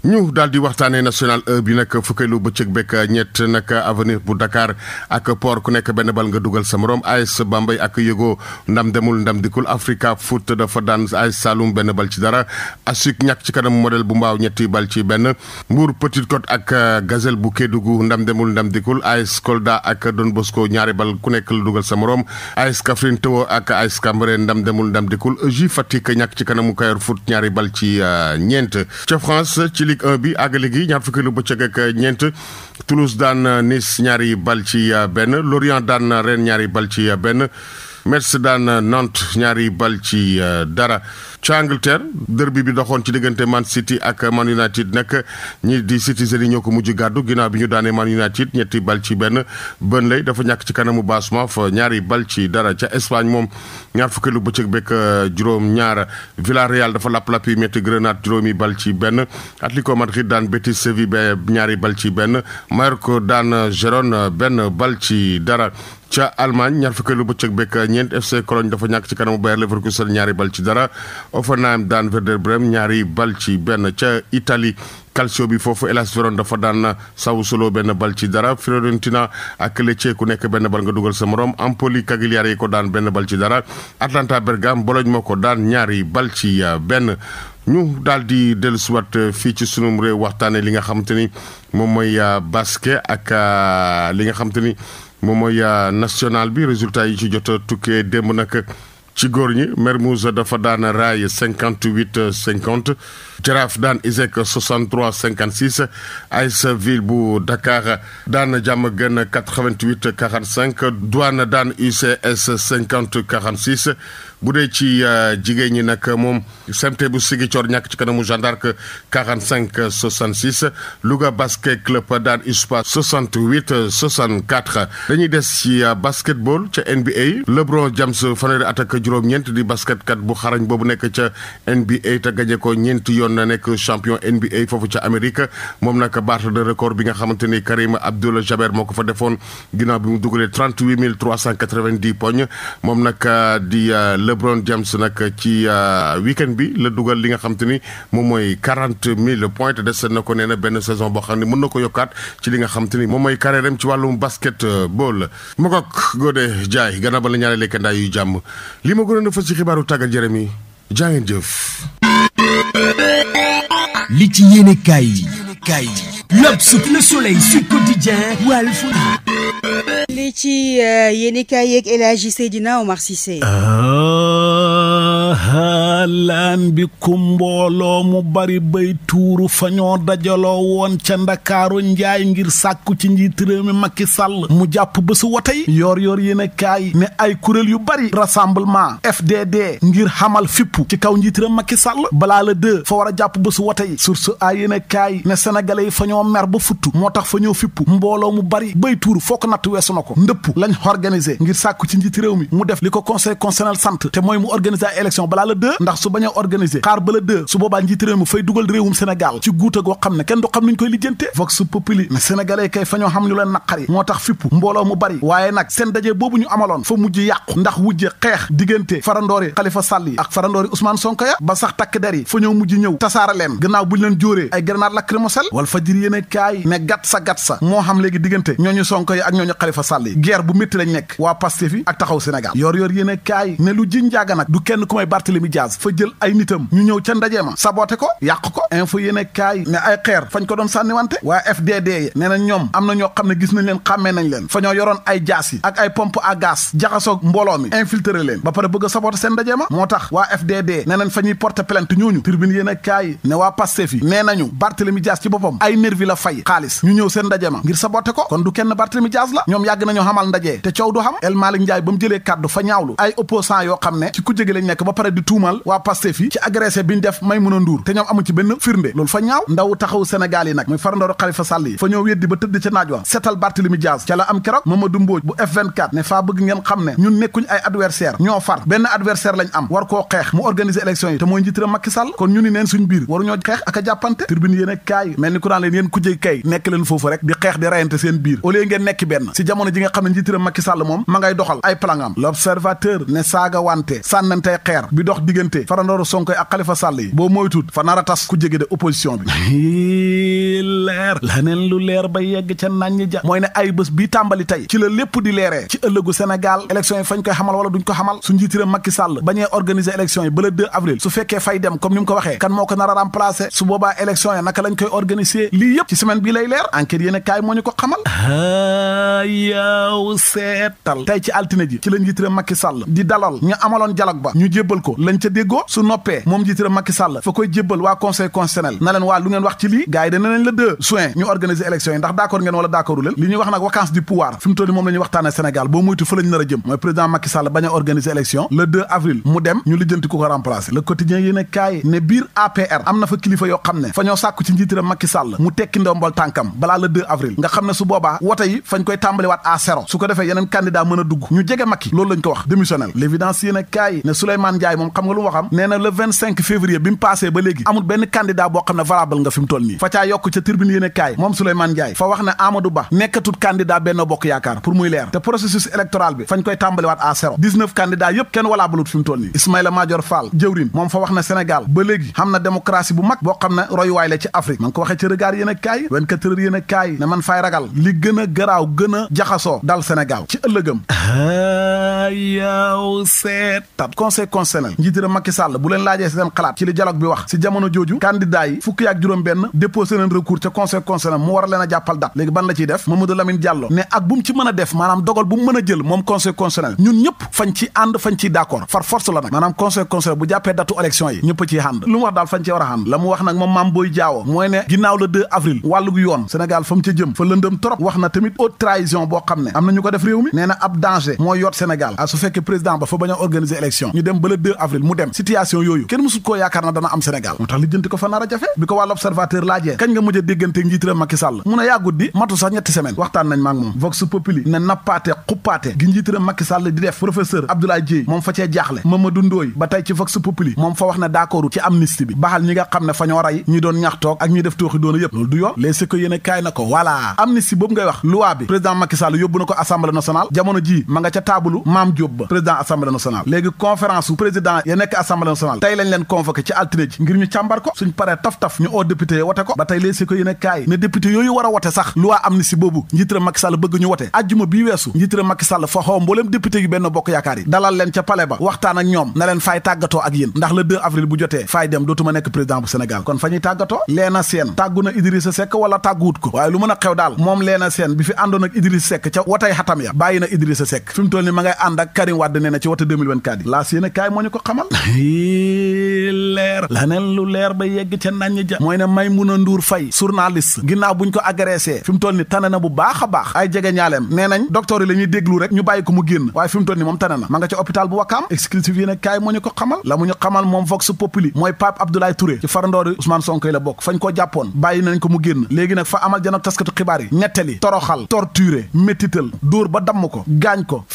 ñu daal di waxtaanee national 1 bi nag fukkeelu bëccëg bekk ñett nag avenir bu Dakar ak port ku nekk benn bal nga dugal sa morom AS bambay ak yëgoo ndam demul ndam dikul Africa Foot dafa daan AS Saloum benn bal ci dara asik ñàkk ci kanam modèle bu mbaaw ñetti bal ci benn Mbour Petite Côte ak Gazelle bu Kédougou ndam demul ndam dikul AS Kolda ak Don Bosco ñaari bal ku nekk la dugal sa moroom AS Kaffrine Tewo ak AS Cambérène ndam demul ndam dikul EJ Fatick ñàkk ci kanamu Kayor Foot ñaari bal ci euh, ñeent Ligue 1 bi àggale gi ñaar fukki lu bëccëg ak ñeent Toulouse daan Nice ñaari bal ci benn Lorient daan Rennes ñaari bal ci benn Metz daan Nantes ñaari bal ci dara ci Angleterre derby bi doxoon ci diggante Man City ak Man United nag ñi di Citizen yi ñoo ko mujj gàddu ginnaaw bi ñu daanee Man United ñetti bal ci benn lay dafa ñàkk ci kanamu Bournemouth fa ñaari bal ci dara ca Espagne moom ñaar fukki lu bëccëg bekk euh, juróom ñaar Villarreal dafa lapp lapp yu metti Grenade bal ci benn Atlético Madrid daan Betis Séville ba ñaari bal ci benn Mallorca daan euh, Gérone benn bal ci dara ca Allemagne ñaar fukki lu bëccëg bekk euh, ñeent FC Cologne dafa ñàkk ci kanamu Bayer Leverkusen ñaari bal ci dara Hoffenheim daan Werder Bremen ñaari bal ci benn ca Italie calcio bi foofu Hellas Verona dafa daan solo benn bal ci dara Fiorentina ak Lecce ku nekk benn bal nga dugal sa moroom morom Empoli yi ko daan benn bal ci dara Atalanta Bergame Bologne moo ko daan ñaari bal ci euh, benn ñu daal di dellusiwaat euh, fii ci sunum réew waxtaane li nga xamante ni moom mooy euh, basket ak li nga xamante ni moom mooy national bi résultat yi ci jot a tukkee démb nag ci góor ñi Mermoz dafa daan raay cinquante huit cinquante. Jaraaf daan ISEC 63 56 AS Ville bu Dakar daan jàmm gën 88 45 douane daan UCS 50 46 bu dee ci euh, jigéen ñi nag moom semte bu Ziguinchor ñàkk ci kanamu Jeanne d'Arc 45 66 Louga basket club daan USPA 68 64. dañuy des ci euh, basketball ca NBA LeBron James fanweeri at ak juróom-ñeent di basketkat bu xarañ boobu nekk ca NBA te gañe ñeent ñeenti yoon. jotoon na nekk champion NBA foofu ca Amérique moom nag battre de record bi nga xamante ni Karim Abdul Jabbar moo ko fa defoon ginnaaw bi mu dugalee trente huit mille trois cent quatre vingt dix poñ moom nag euh, di euh, LeBron James nag ci euh, weekend bi la dugal li nga xamante ni moom mooy quarante mille points te na ko nee benn saison boo xam ne mën na ko yokkaat ci li nga xamante ni moom mooy carrière am ci wàllum basketball. ma koog Gode Ndiaye gannaaw ba la ñaaree lekk ndaa jàmm li ma gënoon a fës ci xibaaru tàggat Jérémy li ci yéene kaay yi kaay yi L'Obs, Le Soleil, Sud li ci euh, yéene kaay yeeg El Hadji Seydina Omar Cissé ah. ahlan bikum mbooloo mu bari bay tuuru fa ñoo dajaloo woon ca ndakaaru njaay ngir sàkku ci njiit réew mi Macky Sall mu jàpp bésu wotey yoor yoor yéen kaay ne ay kuréel yu bari rassemblement FDD ngir xamal fippu ci kaw njiit réew Macky Sall balaa la deux fa war a jàpp bésu wotey source a yéen kaay ne sénégalais yi fa ñoo mer ba futtu moo tax fa ñoo fippu mbooloo mu bari bay tuuru foo ko natt weesu na ko ndëpp lañ organisé ngir sàkku ci njiit réew mi mu def li ko conseil constitutionnel sant te mooy mu organiser ay su bañ a organiser xaar ba la deux su boobaa njiit fay dugal réewum Sénégal ci guuta goo xam ne kenn du xam nuñ koy lijjante vox populi mais sénégalais kay fa ñoo xam ñu leen naqari moo tax fippu mbooloo mu bari waaye nag seen daje boobu ñu amaloon fa mujj yàqu ndax wujje xeex diggante farandoori Khalifa Sall yi ak farandoori Ousmane Sonko ya ba sax takk der yi fa ñoo mujj ñëw tasaara leen gannaaw buñ leen jóoree ay grenade lacrymogène wal fajiri yéene kaay ne gat gat sa moo xam léegi diggante ñooñu Sonko yi ak ñooñu Khalifa Sall yi guerre bu métti lañ nekk waa Pastef yi ak taxaw Sénégal yor yor yéene kaay ne lu ji njaaga nag du kenn ku fa jël ay nitam ñu ñëw ca ndaje ma saboote ko yàq ko info yéen kaay ne ay xeer fañ ko doon sànniwante waa FDD ye nee na ñoom am na ñoo xam ne gis nañ leen xàmmee nañ leen fa ñoo yoroon ay jaas ak ay pompe à gaz jaxasoog mbooloo mi infiltré leen ba pare bëgg a seen ndaje ma moo tax waa FDD nee nañ fa ñuy porter plainte ñooñu tribune yéen kaay ne waa Pastef yi nee nañu Barthélemy Dias ci boppam ay nervi la fay xaalis ñu ñëw seen ndaje ma ngir saboté ko kon du kenn Barthélemy Dias la ñoom yàgg nañoo xamal ndaje te coow du xam El Malick Ndiaye ba mu jëlee kàddu fa ne ci ku lañ nekk ba di tuumal waa Pastef yi ci agressé bi ñu def Maïmouna Ndour te ñoom amu ci benn firnde loolu fa ñaaw ndaw taxaw Sénégal yi nag muy farandoor Khalifa Sall yi fa ñoo weddi ba tëdd ca naaj wa seetal Barthélemy Diaz ca la am keroog Mamadou Mbodj bu F24 ne faa bëgg ngeen xam ne ñun nekkuñ ay adversaire ñoo far benn adversaire lañ am war koo xeex mu organiser élection yi te mooy njiitëram Macky Sall kon ñu ni neen suñ biir waru ñoo xeex ak a jàppante tribune yéen e kaay ku naan leen yéen kujjey kay nekk leen foofu rek di xeex di rayante seen biir au lieu ngeen nekk benn si jamono ji nga xam ne njiitëram Macky Sall moom ma ngay doxal ay plangam l'observateur ne saaga bi dox diggante député farandooru Sonko ak Khalifa Sall yi boo moytuut fa nar a tas ku jege de opposition bi [laughs] leer laneen lu leer ba yegg ca nañ ja mooy ne ay bés bii tàmbali tey ci la lépp di leeree ci ëllëgu Sénégal élection yi fañ koy xamal wala duñ ko xamal su njiitira Macky Sall bañee organiser élection yi ba le 2 avril su fekkee fay dem comme ni mu ko waxee kan moo ko nar a remplacer su boobaa élection yi naka lañ koy organiser lii yëpp ci semaine bii lay leer a kaay moo ah, ci altine ji ci Sall déggoo su noppee moom njiitëram Macky Sall fa koy jébbal waa conseil constitutionnel na leen waa lu ngeen wax ci lii gars yi dana la deux juin ñu organiser élection yi ndax d'accord ngeen wala d'accordu leen li ñuy wax nag vacance du pouvoir fi moom la waxtaane Sénégal boo muytu fa lañ nar jëm mooy président Macky Sall bañ a organiser élection le 2 mu dem ñu lijjanti ku ko remplacer le quotidien yéen a kaay ne biir APR am na fa kilifa yoo xam xam nee na le bi mu passé ba léegi amul benn candidat boo xam ne valable nga fi mu nii fa caa yokk ca tribune yéen e kaay moom Souleymane Ndiaye fa wax ne Amadou Ba nekkatut candidat Benno Bokk Yaakaar pour muy leer te processus électoral bi fañ koy tàmbaliwaat à zéro 19 yépp kenn walaabalut fi mu toll nii Ismaïla Madior Fall jëwrin moom fa wax ne Sénégal ba léegi xam na démocratie bu mag boo xam ne royuwaay la ci Afrique man ko waxee a Macky Sall bu leen laajee seen xalaat ci li dialogue bi wax si jamono jooju candidat yi fukki ak juróom benn déposé nañ recours ca conseil constitutionnel mu war a leen a jàppal date léegi ban la ciy def Mamadou Lamine Diallo ne ak bu ci mën a def maanaam dogal bu mën a jël moom conseil constitutionnel ñun ñëpp fañ ci ànd fañ ciy d'accord far force la nag maanaam conseil constitutionnel bu jàppee datu élection yi ñëpp ciy ànd lu wax daal fañ ci war a ànd la mu wax nag moom Mame Boye Diao mooy ne ginnaaw le fa mu ca jëm fa wax na tamit haute trahison boo xam ne am na ko def réew mi nee na ab danger moo yoot su fekkee président ba a organiser élection ñu dem ba le 2 dem situation yooyu kenn mësul koo yaakaar na dana am Sénégal moo tax lijjanti ko a jafe bi ko wàll observateur laajee kañ nga mujj déggante njiitëra Macky Sall mu ne yàggut di matu sax ñetti semaine waxtaan nañ ma moom vox populi ne nappaate xuppaate gi njiitëra Macky Sall di def professeur Abdoulaye Dièye moom fa cee jaaxle Mamadou Ndoye ba tey ci vox populi moom fa wax ne d'accordu ci amnistie bi baxal ñi nga xam ne fa ñi doon ñaxtoog assemblée nationale tey lañ leen convoqué ci altine ji ngir ñu càmbar ko suñ paree taf-taf ñu oo député yi wote ko ba tey léegi si ko a kaay ne député yooyu war a wote sax loi amnistie boobu njiitëra Macky bëgg ñu wote ajjuma bii weesu njiitëra Macky Sall fa xoo mbooleem député yu benn bokk yaakaar yi dalal leen ca palais ba waxtaan ak ñoom na leen faay tàggatoo ak yéen ndax le 2 avril bu jotee faay dem dootuma nekk président bu Sénégal kon fa wala tàgguwut ko waaye lu a xew daal moom Léna Sène bi fi àndoon ak Idrissa Seck ca leer laneen lu leer ba yegg ca nañ ja mooy ne Maymuna Nduur Fay journaliste ginnaaw buñ ko agressé fi mu toll ni tane na bu baax a baax ay jege ñaaleem nee nañ docteur yi la ñuy déglu ñu bàyyi ko mu génn waaye fi mu toll ni moom tane na ma nga ca hôpital bu wakkaam exclusive yéen kaay moo ñu ko xamal la mu ñu xamal moom Vox Populi mooy Pape Abdoulaye Touré ci farandoori Ousmane Sonko yi la bokk fañ koo jàppoon bàyyi nañ ko mu génn léegi nag fa amal janab ko gaañ ko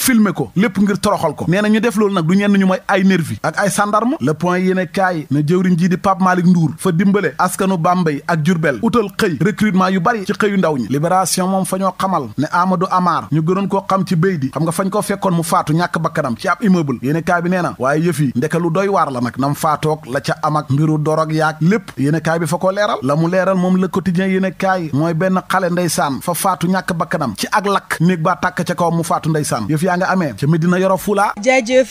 lépp ngir toroxal ko nee na ñu def loolu nag du ñenn ñu mooy ay nervi ak gendarme le point yéene kaay ne jëwriñ jii di Pape Malick Ndour fa dimbale askanu Bambey ak Jurbel utal xëy recrutement yu bari ci xëyu ndaw ñi libération moom fa ñoo xamal ne Amadou Amar ñu gënoon koo xam ci béy di xam nga fañ ko fekkoon mu faatu ñàkk bakkanam ci ab immeuble yéene kaay bi nee na waaye yëf yi ndeke lu doy waar la nag nam faatoog la ca am ak mbiru dorog yaag lépp yéene kaay bi fa ko leeral la mu leeral moom le quotidien yéene kaay mooy benn xale ndeysaan fa faatu ñàkk bakkanam ci ak lakk néeg baa tàkk ca kaw mu faatu ndeysaan yëf yaa nga amee ca Medina Yoro Fula jaajëf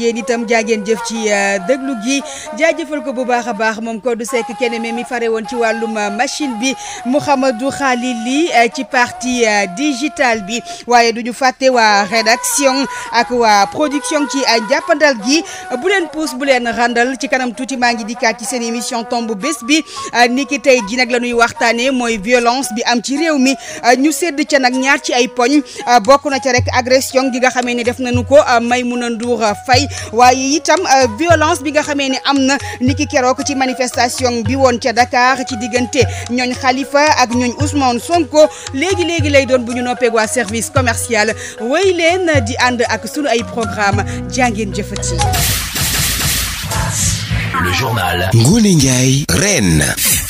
yéen itam jaageen jëf ci euh, déglu gi jaajëfal ko bu baax a baax moom Codou Seck kenn mi fare woon ci wàllum euh, machine bi Mouhamadou Khalili euh, ci partie digitale bi waaye duñu fàtte waa rédaction ak waa production ci jàppandal gi bu leen puus bu leen randal ci kanam tuuti maa ngi dikkaat ci seen émission tomb bés bi ni ki tey ji nag la ñuy waxtaanee mooy violence bi am ci réew mi ñu sedd ca nag ñaar ci ay poñ bokk na ca rek agression gi nga xamee ne def nañu ko Maimouna Ndour Faye waaye itam euh, violence bi nga xamee ni am na niki keroog ci manifestation bi woon ca dakaar ci diggante ñooñ Khalifa ak ñooñ Ousmane Sonko léegi léegi lay doon bu ñu noppee service commercial wéy leen di ànd ak sunu ay programme jàngeen jëfati. Le